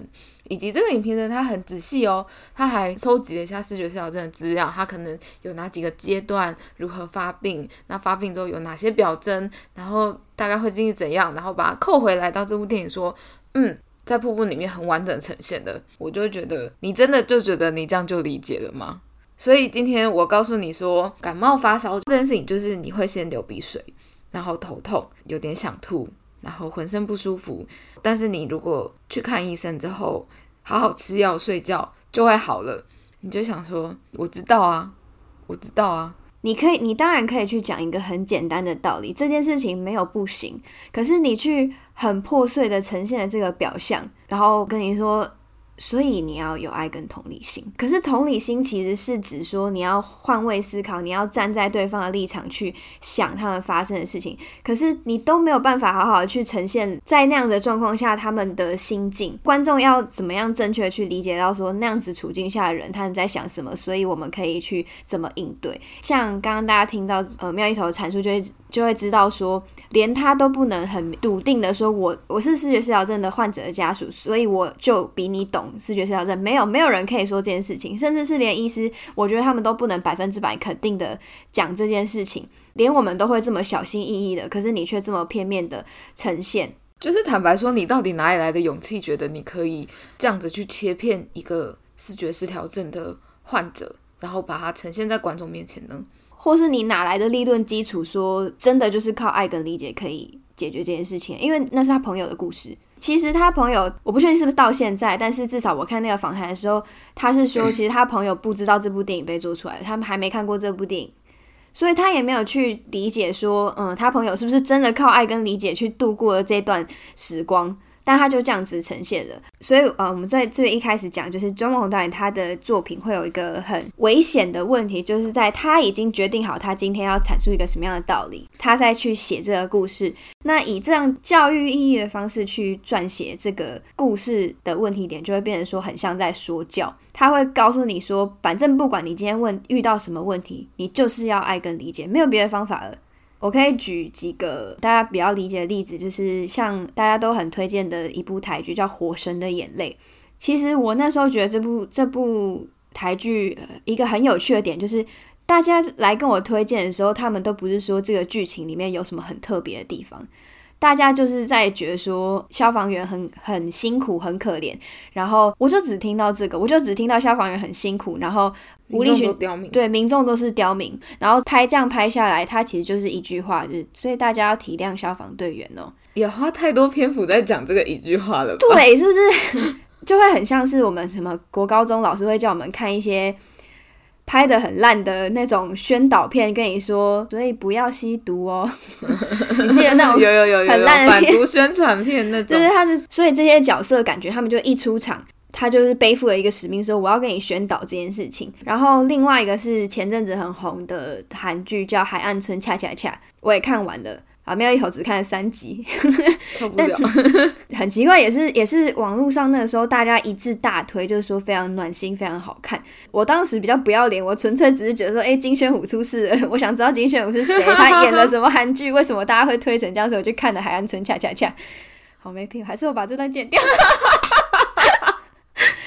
以及這個影評人他很仔細哦，他還收集了一下視覺失調症的資料，他可能有哪幾個階段，如何發病，那發病之後有哪些表徵，然後大概會經歷怎樣，然後把它扣回來到這部電影說，嗯，在瀑布裡面很完整呈現的，我就覺得你真的就覺得你這樣就理解了嗎？所以今天我告訴你說，感冒發燒這件事情就是你會先流鼻水。然後頭痛，有點想吐，然後渾身不舒服。但是你如果去看醫生之後，好好吃藥、睡覺，就會好了。你就想說，我知道啊，我知道啊。你可以，你當然可以去講一個很簡單的道理，這件事情沒有不行。可是你去很破碎的呈現了這個表象，然後跟你說，所以你要有愛跟同理心，可是同理心其實是指說你要換位思考，你要站在對方的立場去想他們發生的事情，可是你都沒有辦法好好的去呈現，在那樣的狀況下他們的心境，觀眾要怎麼樣正確的去理解到說那樣子處境下的人他們在想什麼？所以我們可以去怎麼應對？像剛剛大家聽到呃妙麗頭的闡述，就會就會知道說。連他都不能很篤定的說我，我我是思覺失調症的患者的家屬，所以我就比你懂思覺失調症。沒有，沒有人可以說這件事情，甚至是連醫師，我覺得他們都不能百分之百肯定的講這件事情。連我們都會這麼小心翼翼的，可是你卻這麼片面的呈現。就是坦白說，你到底哪裡來的勇氣，覺得你可以這樣子去切片一個思覺失調症的患者，然後把它呈現在觀眾面前呢？或是你哪來的立論基礎？說真的，就是靠愛跟理解可以解決這件事情，因為那是他朋友的故事。其實他朋友，我不確定是不是到現在，但是至少我看那個訪談的時候，他是說，其實他朋友不知道這部電影被做出來，他們還沒看過這部電影，所以他也沒有去理解說，嗯，他朋友是不是真的靠愛跟理解去度過了這段時光。但他就這樣子呈現了，所以呃、嗯，我們在最一開始講，就是鍾孟宏導演他的作品會有一個很危險的問題，就是在他已經決定好他今天要闡述一個什麼樣的道理，他再去寫這個故事。那以這樣教育意義的方式去撰寫這個故事的問題點，就會變成說很像在說教。他會告訴你說，反正不管你今天問遇到什麼問題，你就是要愛跟理解，沒有別的方法了。我可以舉幾個大家比較理解的例子，就是像大家都很推薦的一部台劇，叫《火神的眼淚》。其實我那時候覺得這部這部台劇，呃，一個很有趣的點，就是大家來跟我推薦的時候，他們都不是說這個劇情裡面有什麼很特別的地方。大家就是在覺得說消防員很很辛苦，很可憐，然後我就只聽到這個，我就只聽到消防員很辛苦，然後無論對民眾都是刁民，然後拍這樣拍下來，他其實就是一句話，就是、所以大家要體諒消防隊員哦、喔，也花太多篇幅在講這個一句話了吧，對，是不是？ (laughs) 就會很像是我們什麼國高中老師會叫我們看一些。拍的很爛的那種宣導片，跟你說，所以不要吸毒哦。 (laughs) 你記得那種 (laughs) 有有有有很爛的反毒宣傳片那種。就是他是，所以這些角色感覺他們就一出場，他就是背負了一個使命，說我要跟你宣導這件事情。然後另外一個是前陣子很紅的韓劇叫《海岸村恰恰恰》，我也看完了。啊，沒有一頭只看了三集，受不了。但很奇怪，也是也是網絡上那個時候大家一致大推，就是說非常暖心，非常好看。我當時比較不要臉，我純粹只是覺得說，哎、欸，金宣虎出事了，我想知道金宣虎是誰，他演了什麼韓劇，為什麼大家會推成這樣子，我就看了《海岸村恰恰恰》好。好沒品，還是我把這段剪掉。 (laughs)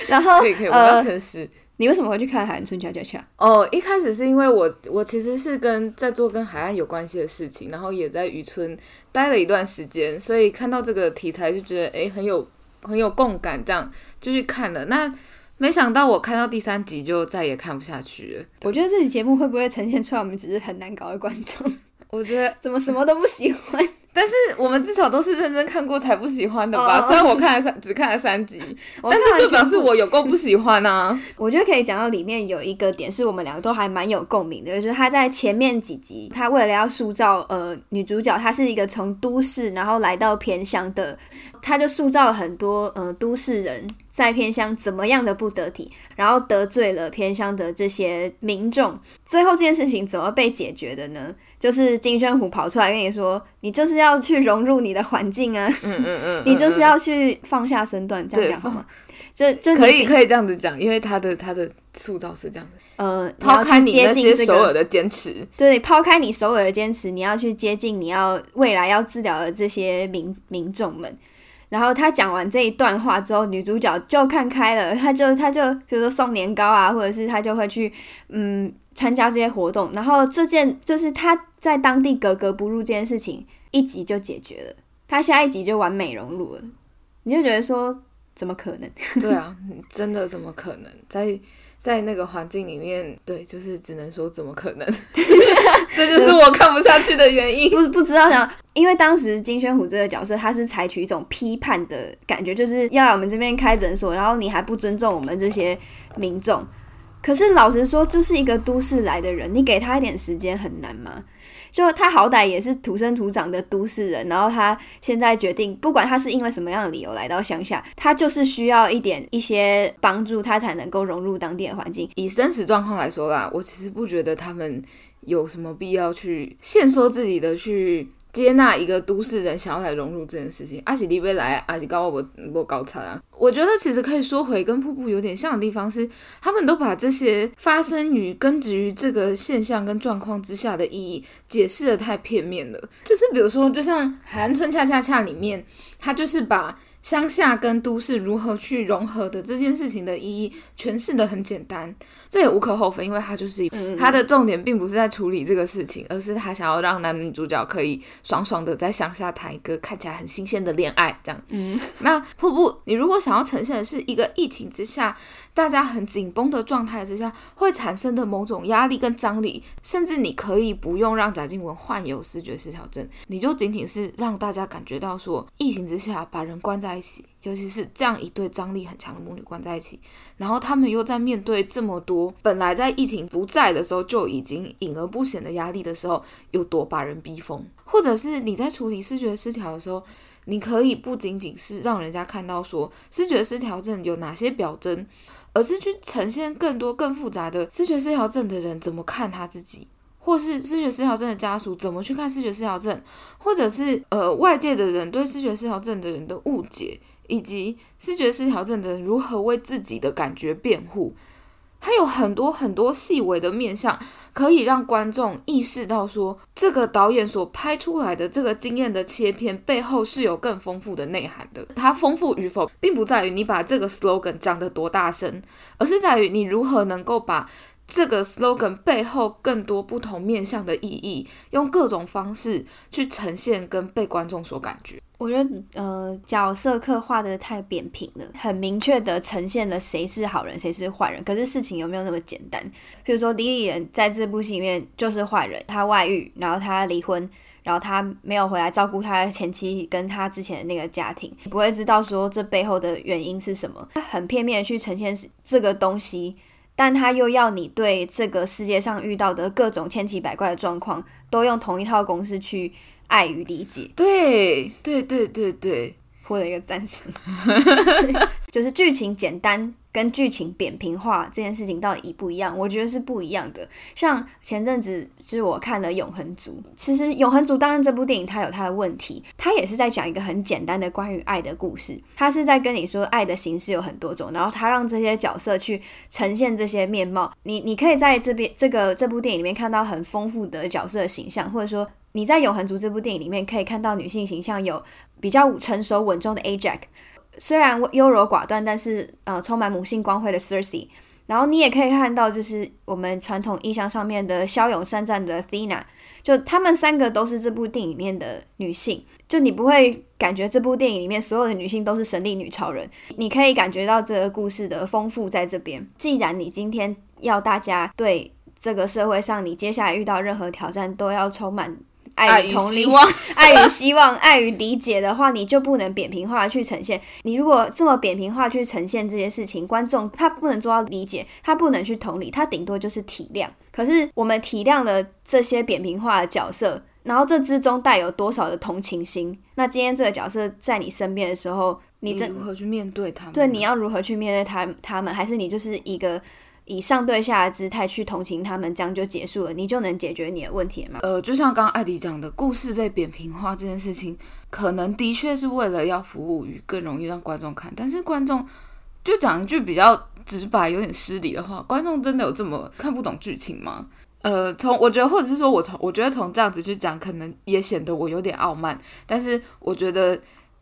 然後可以可以，我要誠實。你為什麼會去看《海岸村恰恰恰》？哦，一開始是因為我，我其實是跟在做跟海岸有關係的事情，然後也在漁村待了一段時間，所以看到這個題材就覺得哎、欸、很有很有共感，這樣就去看了。那沒想到我看到第三集就再也看不下去了。對我覺得這期節目會不會呈現出來我們只是很難搞的觀眾？ (laughs) 我覺得怎麼什麼都不喜歡。 (laughs) 但是我們至少都是認真看過才不喜歡的吧？Oh, okay. 雖然我看了三，只看了三集， (laughs) 看完 但是就表示我有夠不喜歡啊！ (laughs) 我覺得可以講到裡面有一個點，是我們兩個都還蠻有共鳴的，就是他在前面幾集，他為了要塑造呃女主角，她是一個從都市然後來到偏鄉的，他就塑造了很多呃都市人。在偏鄉怎麼樣的不得體，然後得罪了偏鄉的這些民眾，最後這件事情怎麼被解決的呢？就是金宣虎跑出來跟你說，你就是要去融入你的環境啊，嗯嗯嗯，嗯嗯 (laughs) 你就是要去放下身段，對這樣講好嗎？就就可以可以這樣子講，因為他的他的塑造是這樣子，呃，接近這個、拋開你這些首爾的堅持，對，拋開你首爾的堅持，你要去接近你要未來要治療的這些民民眾們。然後他講完這一段話之後，女主角就看開了，他就他就比如說送年糕啊，或者是他就會去嗯參加這些活動。然後這件就是他在當地格格不入這件事情，一集就解決了，他下一集就完美融入了。你就覺得說，怎麼可能？對啊，真的怎麼可能在？在那個環境裡面，對，就是只能說怎麼可能？ (laughs) 這就是我看不下去的原因。 (laughs) 不不知道呢，因為當時金宣虎這個角色，他是採取一種批判的感覺，就是要來我們這邊開診所，然後你還不尊重我們這些民眾。可是老實說，就是一個都市來的人，你給他一點時間，很難嗎？就他好歹也是土生土長的都市人，然後他現在決定，不管他是因為什麼樣的理由來到鄉下，他就是需要一點一些幫助，他才能夠融入當地的環境。以真實狀況來說啦，我其實不覺得他們有什麼必要去限縮自己的去。接納一個都市人想要來融入這件事情，阿喜，迪未來，阿、啊、喜，高我、啊，我高差啊。我覺得其實可以說回跟瀑布有點像的地方是，他們都把這些發生於根植於這個現象跟狀況之下的意義解釋得太片面了。就是比如說，就像《海岸村恰恰恰》裡面，他就是把鄉下跟都市如何去融合的這件事情的意義詮釋得很簡單。這也無可厚非，因為他就是、嗯、他的重點並不是在處理這個事情，而是他想要讓男女主角可以爽爽的在鄉下談一個看起來很新鮮的戀愛這樣。嗯、那瀑布，你如果想要呈現的是一個疫情之下大家很緊繃的狀態之下會產生的某種壓力跟張力，甚至你可以不用讓賈靜雯患有思覺失調症，你就僅僅是讓大家感覺到說，疫情之下把人關在一起。尤其是這樣一對張力很強的母女關在一起，然後他們又在面對這麼多本來在疫情不在的時候就已經隱而不顯的壓力的時候，有多把人逼瘋？或者是你在處理思覺失調的時候，你可以不僅僅是讓人家看到說思覺失調症有哪些表徵，而是去呈現更多更複雜的思覺失調症的人怎麼看他自己，或是思覺失調症的家屬怎麼去看思覺失調症，或者是呃外界的人對思覺失調症的人的誤解。以及思覺失調症的人如何為自己的感覺辯護？它有很多很多細微的面向，可以讓觀眾意識到說，這個導演所拍出來的這個經驗的切片背後是有更豐富的內涵的。它豐富與否，並不在於你把這個 slogan 講得多大聲，而是在於你如何能夠把。這個 slogan 背後更多不同面向的意義，用各種方式去呈現跟被觀眾所感覺。我覺得，呃，角色刻畫得太扁平了，很明確的呈現了誰是好人，誰是壞人。可是事情有沒有那麼簡單？比如說，李李仁在這部戲裡面就是壞人，他外遇，然後他離婚，然後他沒有回來照顧他前妻跟他之前的那個家庭，你不會知道說這背後的原因是什麼。他很片面的去呈現這個東西。但他又要你對這個世界上遇到的各種千奇百怪的狀況，都用同一套公式去愛與理解。對，對,對，對,對，對，對，獲得一個讚聲， (laughs) 就是劇情簡單。跟劇情扁平化這件事情到底一不一樣？我覺得是不一樣的。像前陣子就是我看了《永恆族》，其實《永恆族》當然這部電影它有它的問題，它也是在講一個很簡單的關於愛的故事。它是在跟你說愛的形式有很多種，然後它讓這些角色去呈現這些面貌。你你可以在這邊這個這部電影裡面看到很豐富的角色的形象，或者說你在《永恆族》這部電影裡面可以看到女性形象有比較成熟穩重的 Ajak。雖然優柔寡斷，但是呃，充滿母性光輝的 Sersi，然後你也可以看到，就是我們傳統印象上面的驍勇善戰的 Thena，就他們三個都是這部電影裡面的女性，就你不會感覺這部電影裡面所有的女性都是神力女超人，你可以感覺到這個故事的豐富在這邊。既然你今天要大家對這個社會上，你接下來遇到任何挑戰都要充滿。愛與希， (laughs) 希望，愛與希望，愛與理解的話，你就不能扁平化去呈現。你如果這麼扁平化去呈現這些事情，觀眾他不能做到理解，他不能去同理，他頂多就是體諒。可是我們體諒了這些扁平化的角色，然後這之中帶有多少的同情心？那今天這個角色在你身邊的時候，你，這你如何去面對他們？對，你要如何去面對他他們？還是你就是一個？以上對下的姿態去同情他們，這樣就結束了，你就能解決你的問題了嗎？呃，就像剛剛艾迪講的故事被扁平化這件事情，可能的確是為了要服務於更容易讓觀眾看，但是觀眾就講一句比較直白、有點失禮的話，觀眾真的有這麼看不懂劇情嗎？呃，從我覺得，或者是說我從我覺得從這樣子去講，可能也顯得我有點傲慢，但是我覺得。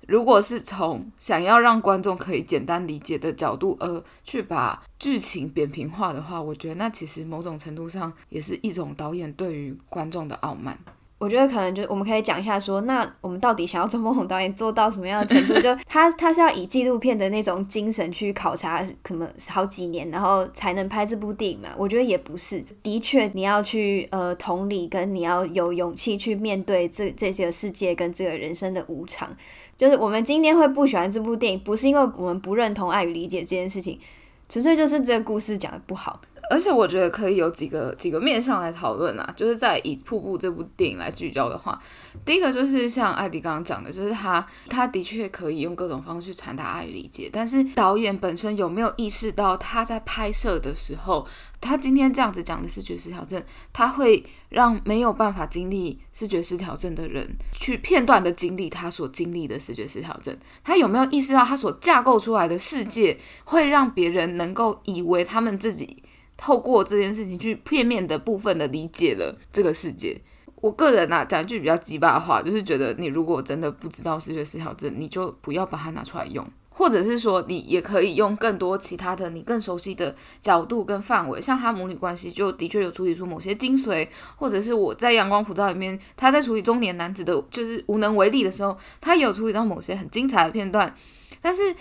如果是從想要讓觀眾可以簡單理解的角度，而去把劇情扁平化的話，我覺得那其實某種程度上也是一種導演對於觀眾的傲慢。我覺得可能就我們可以講一下說，說那我們到底想要鍾孟宏導演做到什麼樣的程度？ (laughs) 就他他是要以紀錄片的那種精神去考察，可能好幾年，然後才能拍這部電影嘛。我覺得也不是，的確你要去呃同理，跟你要有勇氣去面對這這些世界跟這個人生的無常。就是我們今天會不喜歡這部電影，不是因為我們不認同愛與理解這件事情，純粹就是這個故事講得不好。而且我覺得可以有幾個幾個面上來討論啊，就是在以《瀑布》這部電影來聚焦的話，第一個就是像艾迪剛剛講的，就是他他的確可以用各種方式去傳達愛與理解，但是導演本身有沒有意識到他在拍攝的時候，他今天這樣子講的思覺失調症，他會讓沒有辦法經歷思覺失調症的人去片段的經歷他所經歷的思覺失調症？他有沒有意識到他所架構出來的世界會讓別人能夠以為他們自己。透過這件事情去片面的部分的理解了這個世界。我個人吶、啊，講一句比較雞巴的話，就是覺得你如果真的不知道思覺失調症，你就不要把它拿出來用，或者是說你也可以用更多其他的你更熟悉的角度跟範圍。像他母女關係就的確有處理出某些精髓，或者是我在《陽光普照》裡面，他在處理中年男子的就是無能為力的時候，他也有處理到某些很精彩的片段。但是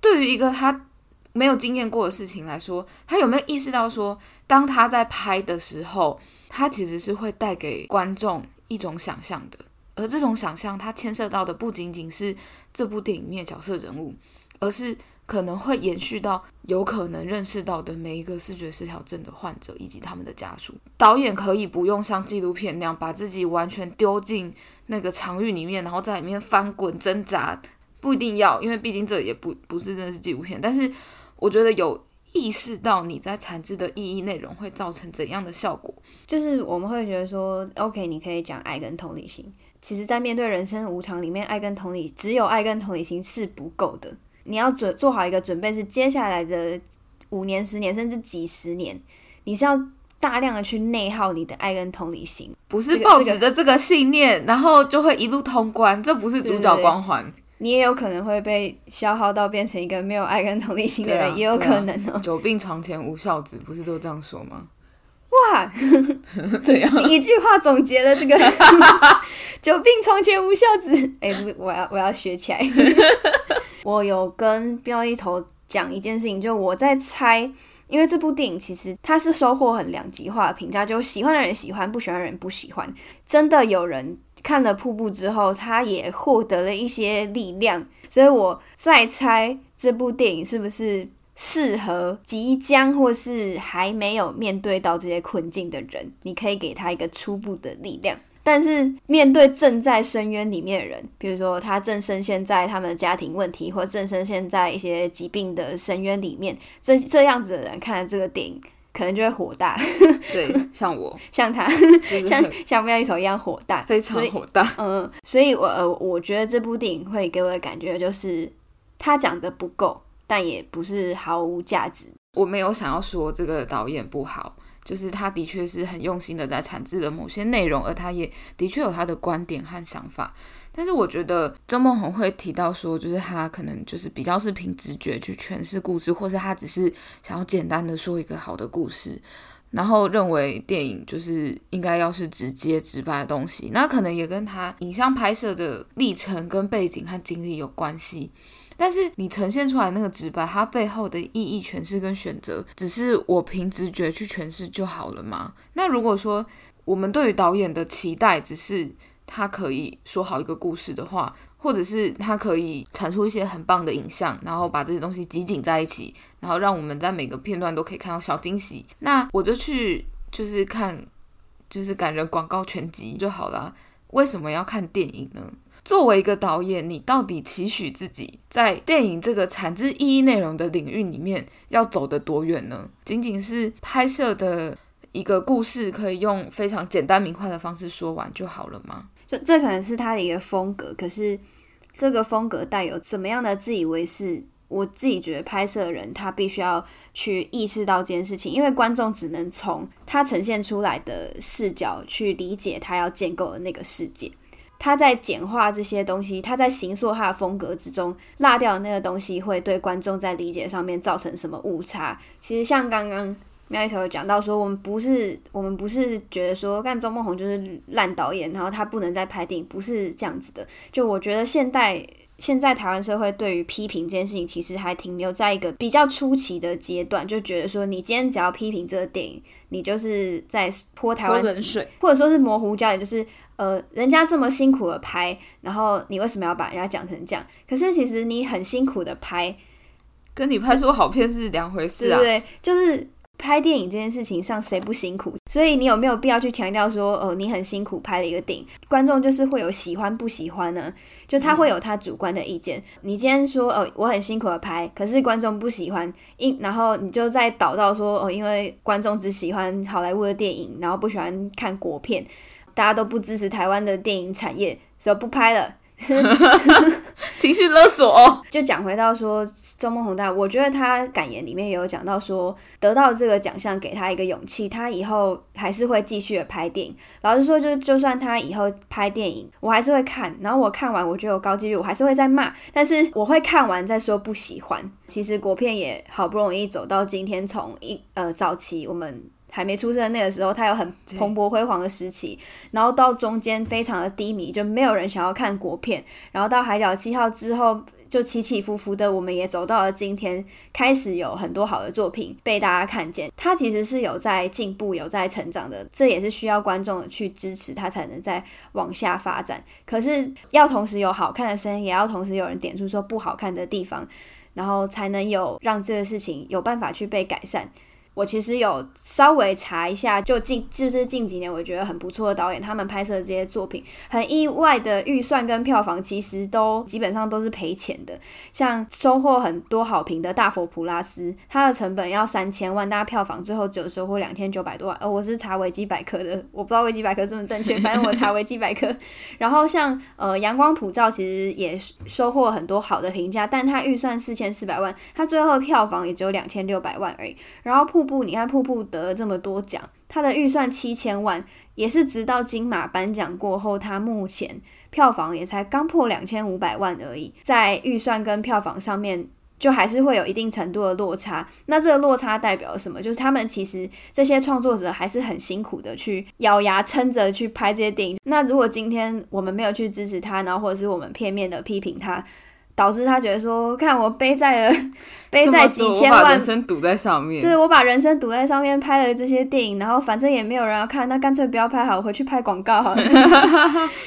對於一個他。沒有經驗過的事情來說，他有沒有意識到說，當他在拍的時候，他其實是會帶給觀眾一種想象的，而這種想象，它牽涉到的不僅僅是這部電影裡面的角色人物，而是可能會延續到有可能認識到的每一個思覺失調症的患者以及他們的家屬。導演可以不用像紀錄片那樣把自己完全丟進那個場域裡面，然後在裡面翻滾掙扎，不一定要，因為畢竟這也不不是真的是紀錄片，但是。我覺得有意識到你在產制的意義內容會造成怎樣的效果，就是我們會覺得說，OK，你可以講愛跟同理心。其實，在面對人生無常裡面，愛跟同理只有愛跟同理心是不夠的。你要準做好一個準備，是接下來的五年、十年，甚至幾十年，你是要大量的去內耗你的愛跟同理心，不是抱持着這個信念，這個這個、然後就會一路通關，這不是主角光環。對對對你也有可能會被消耗到變成一個沒有愛跟同理心的人，啊、也有可能哦、喔啊。久病床前無孝子，不是都這樣說嗎？哇，這樣 (laughs) 啊、 (laughs) 一,一句話總結了這個“ (laughs) (laughs) 久病床前無孝子”欸。哎，我要我要學起來。 (laughs) (laughs) (laughs) 我有跟妙麗頭講一件事情，就我在猜，因為這部電影其實它是收穫很兩極化的評價，就喜歡的人喜歡，不喜歡的人不喜歡。真的有人。看了瀑布之後，他也獲得了一些力量，所以我再猜這部電影是不是適合即將或是還沒有面對到這些困境的人？你可以給他一個初步的力量，但是面對正在深淵裡面的人，比如說他正深陷在他們的家庭問題，或正深陷在一些疾病的深淵裡面，這這樣子的人看了這個電影。可能就會火大， (laughs) 對，像我， (laughs) 像他，像像不要一頭一樣火大，非常火大，嗯，所以我呃，我覺得這部電影會給我的感覺就是，他講的不夠，但也不是毫無價值。我沒有想要說這個導演不好，就是他的確是很用心的在產製了某些內容，而他也的確有他的觀點和想法。但是我覺得鍾孟宏會提到說，就是他可能就是比較是憑直覺去詮釋故事，或是他只是想要簡單的說一個好的故事，然後認為電影就是應該要是直接直白的東西。那可能也跟他影像拍攝的歷程，跟背景和經歷有關係。但是你呈現出來那個直白，它背後的意義詮釋跟選擇，只是我憑直覺去詮釋就好了嗎？那如果說我們對於導演的期待只是，他可以說好一個故事的話，或者是他可以產出一些很棒的影像，然後把這些東西集錦在一起，然後讓我們在每個片段都可以看到小驚喜。那我就去就是看就是感人廣告全集就好了。為什麼要看電影呢？作為一個導演，你到底期許自己在電影這個產之意義內容的領域裡面要走得多遠呢？僅僅是拍攝的一個故事可以用非常簡單明快的方式說完就好了嗎？這這可能是他的一個風格，可是這個風格帶有怎麼樣的自以為是？我自己覺得拍攝的人，他必須要去意識到這件事情，因為觀眾只能從他呈現出來的視角去理解他要建構的那個世界。他在簡化這些東西，他在形塑他的風格之中，落掉的那個東西會對觀眾在理解上面造成什麼誤差？其實像剛剛。妙麗頭有講到說，我們不是我們不是覺得說，幹鍾孟宏就是爛導演，然後他不能再拍電影，不是這樣子的。就我覺得現代，現在現在台灣社會對於批評這件事情，其實還停留在一個比較初期的階段，就覺得說，你今天只要批評這個電影，你就是在潑台灣冷水，或者說是模糊焦，也就是呃，人家這麼辛苦的拍，然後你為什麼要把人家講成這樣？可是其實你很辛苦的拍，跟你拍出好片是兩回事啊，對，對，就是。拍電影這件事情上誰不辛苦？所以你有沒有必要去強調說，哦、呃，你很辛苦拍了一個電影，觀眾就是會有喜歡不喜歡呢？就他會有他主觀的意見。嗯、你今天說，哦、呃，我很辛苦的拍，可是觀眾不喜歡，因，然後你就在導到說，哦、呃，因為觀眾只喜歡好萊塢的電影，然後不喜歡看國片，大家都不支持台灣的電影產業，所以不拍了。 (laughs) (laughs) 情緒勒索、哦，就講回到說鍾孟宏大，我覺得他感言裡面也有講到說，說得到這個獎項給他一個勇氣，他以後還是會繼續的拍電影。老實說、就是，就就算他以後拍電影，我還是會看。然後我看完，我覺得有高幾率，我還是會再罵，但是我會看完再說不喜歡。其實國片也好不容易走到今天，從一呃早期我們。還沒出生的那個時候，他有很蓬勃輝煌的時期，嗯、然後到中間非常的低迷，就沒有人想要看國片。然後到《海角七號》之後，就起起伏伏的，我們也走到了今天，開始有很多好的作品被大家看見。他其實是有在進步，有在成長的，這也是需要觀眾去支持他，才能再往下發展。可是要同時有好看的聲音，也要同時有人點出說不好看的地方，然後才能有讓這個事情有辦法去被改善。我其實有稍微查一下，就近就是近幾年我覺得很不錯的導演，他們拍攝的這些作品，很意外的預算跟票房其實都基本上都是賠錢的。像收穫很多好評的《大佛普拉斯》，它的成本要三千萬，大家票房最後只有收穫兩千九百多萬。哦，我是查維基百科的，我不知道維基百科這麼正確，反正我查維基百科。 (laughs) 然後像呃《陽光普照》，其實也收穫很多好的評價，但它預算四千四百萬，它最後的票房也只有兩千六百萬而已。然後《不，你看《瀑布》得了這麼多獎，他的預算七千萬，也是直到金馬頒獎過後，他目前票房也才剛破兩千五百萬而已，在預算跟票房上面，就還是會有一定程度的落差。那這個落差代表什麼？就是他們其實這些創作者還是很辛苦的去咬牙撐着去拍這些電影。那如果今天我們沒有去支持他，然後或者是我們片面的批評他。導致他覺得說，看我背債了，背債幾千萬，我把人生賭在上面。對，我把人生賭在上面，拍了這些電影，然後反正也沒有人要看，那乾脆不要拍，好，回去拍廣告好了。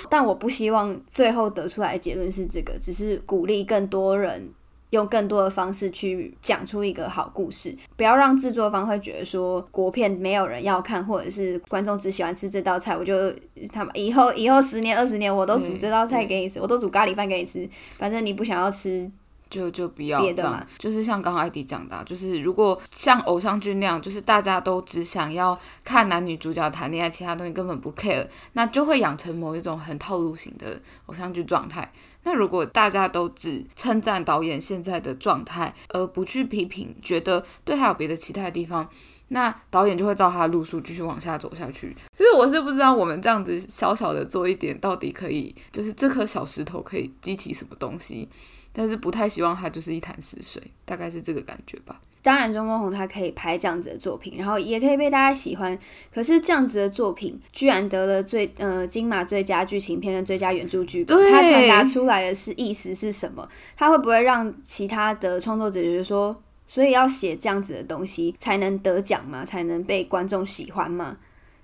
但我不希望最後得出來的結論是這個，只是鼓勵更多人。用更多的方式去講出一個好故事，不要讓製作方會覺得說，國片沒有人要看，或者是觀眾只喜歡吃這道菜，我就他們以後以後十年二十年我都煮這道菜給你吃，對我都煮咖喱飯給你吃，反正你不想要吃就就不要別的嘛。就是像剛剛艾迪講的，就是如果像偶像劇那樣，就是大家都只想要看男女主角談戀愛，其他東西根本不 care，那就會養成某一種很套路型的偶像劇狀態。那如果大家都只稱讚導演現在的狀態，而不去批評，覺得對他有別的其他的地方，那導演就會照他的路數繼續往下走下去。其實我是不知道，我們這樣子小小的做一點，到底可以就是這顆小石頭可以激起什麼東西，但是不太希望他就是一潭死水，大概是這個感覺吧。當然，鍾孟宏他可以拍這樣子的作品，然後也可以被大家喜歡。可是這樣子的作品居然得了最呃金馬最佳劇情片跟最佳原著劇本，對它傳達出來的是意思是什麼？它會不會讓其他的創作者覺得說，所以要寫這樣子的東西才能得獎嗎？才能被觀眾喜歡嗎？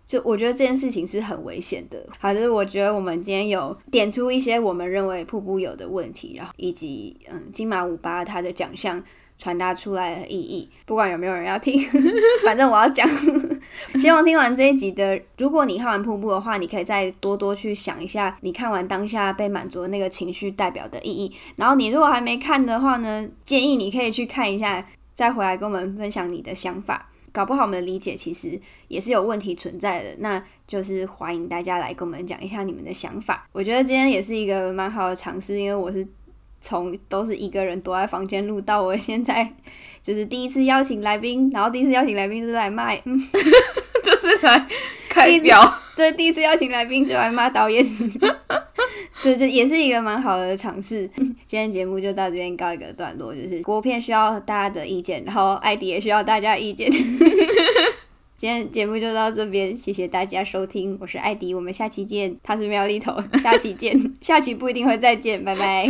就我覺得這件事情是很危險的。好的，我覺得我們今天有點出一些我們認為瀑布有的問題，然後以及嗯金馬五八他的獎項。傳達出來的意義，不管有沒有人要聽，反正我要講。希望聽完這一集的，如果你看完瀑布的話，你可以再多多去想一下，你看完當下被滿足的那個情緒代表的意義。然後你如果還沒看的話呢，建議你可以去看一下，再回來跟我們分享你的想法。搞不好我們的理解其實也是有問題存在的，那就是歡迎大家來跟我們講一下你們的想法。我覺得今天也是一個蠻好的嘗試，因為我是從都是一個人躲在房間錄到我現在，就是第一次邀請來賓，然後第一次邀請來賓就是來罵、嗯、 (laughs) 就是來開表，對，就是，第一次邀請來賓就來罵導演， (laughs) 對，就也是一個蠻好的嘗試。嗯，今天節目就到這邊告一個段落，就是國片需要大家的意見，然後艾迪也需要大家的意見。 (laughs) 今天節目就到這邊，謝謝大家收聽，我是艾迪，我們下期見。他是妙麗頭，下期見， (laughs) 下期不一定會再見，拜拜。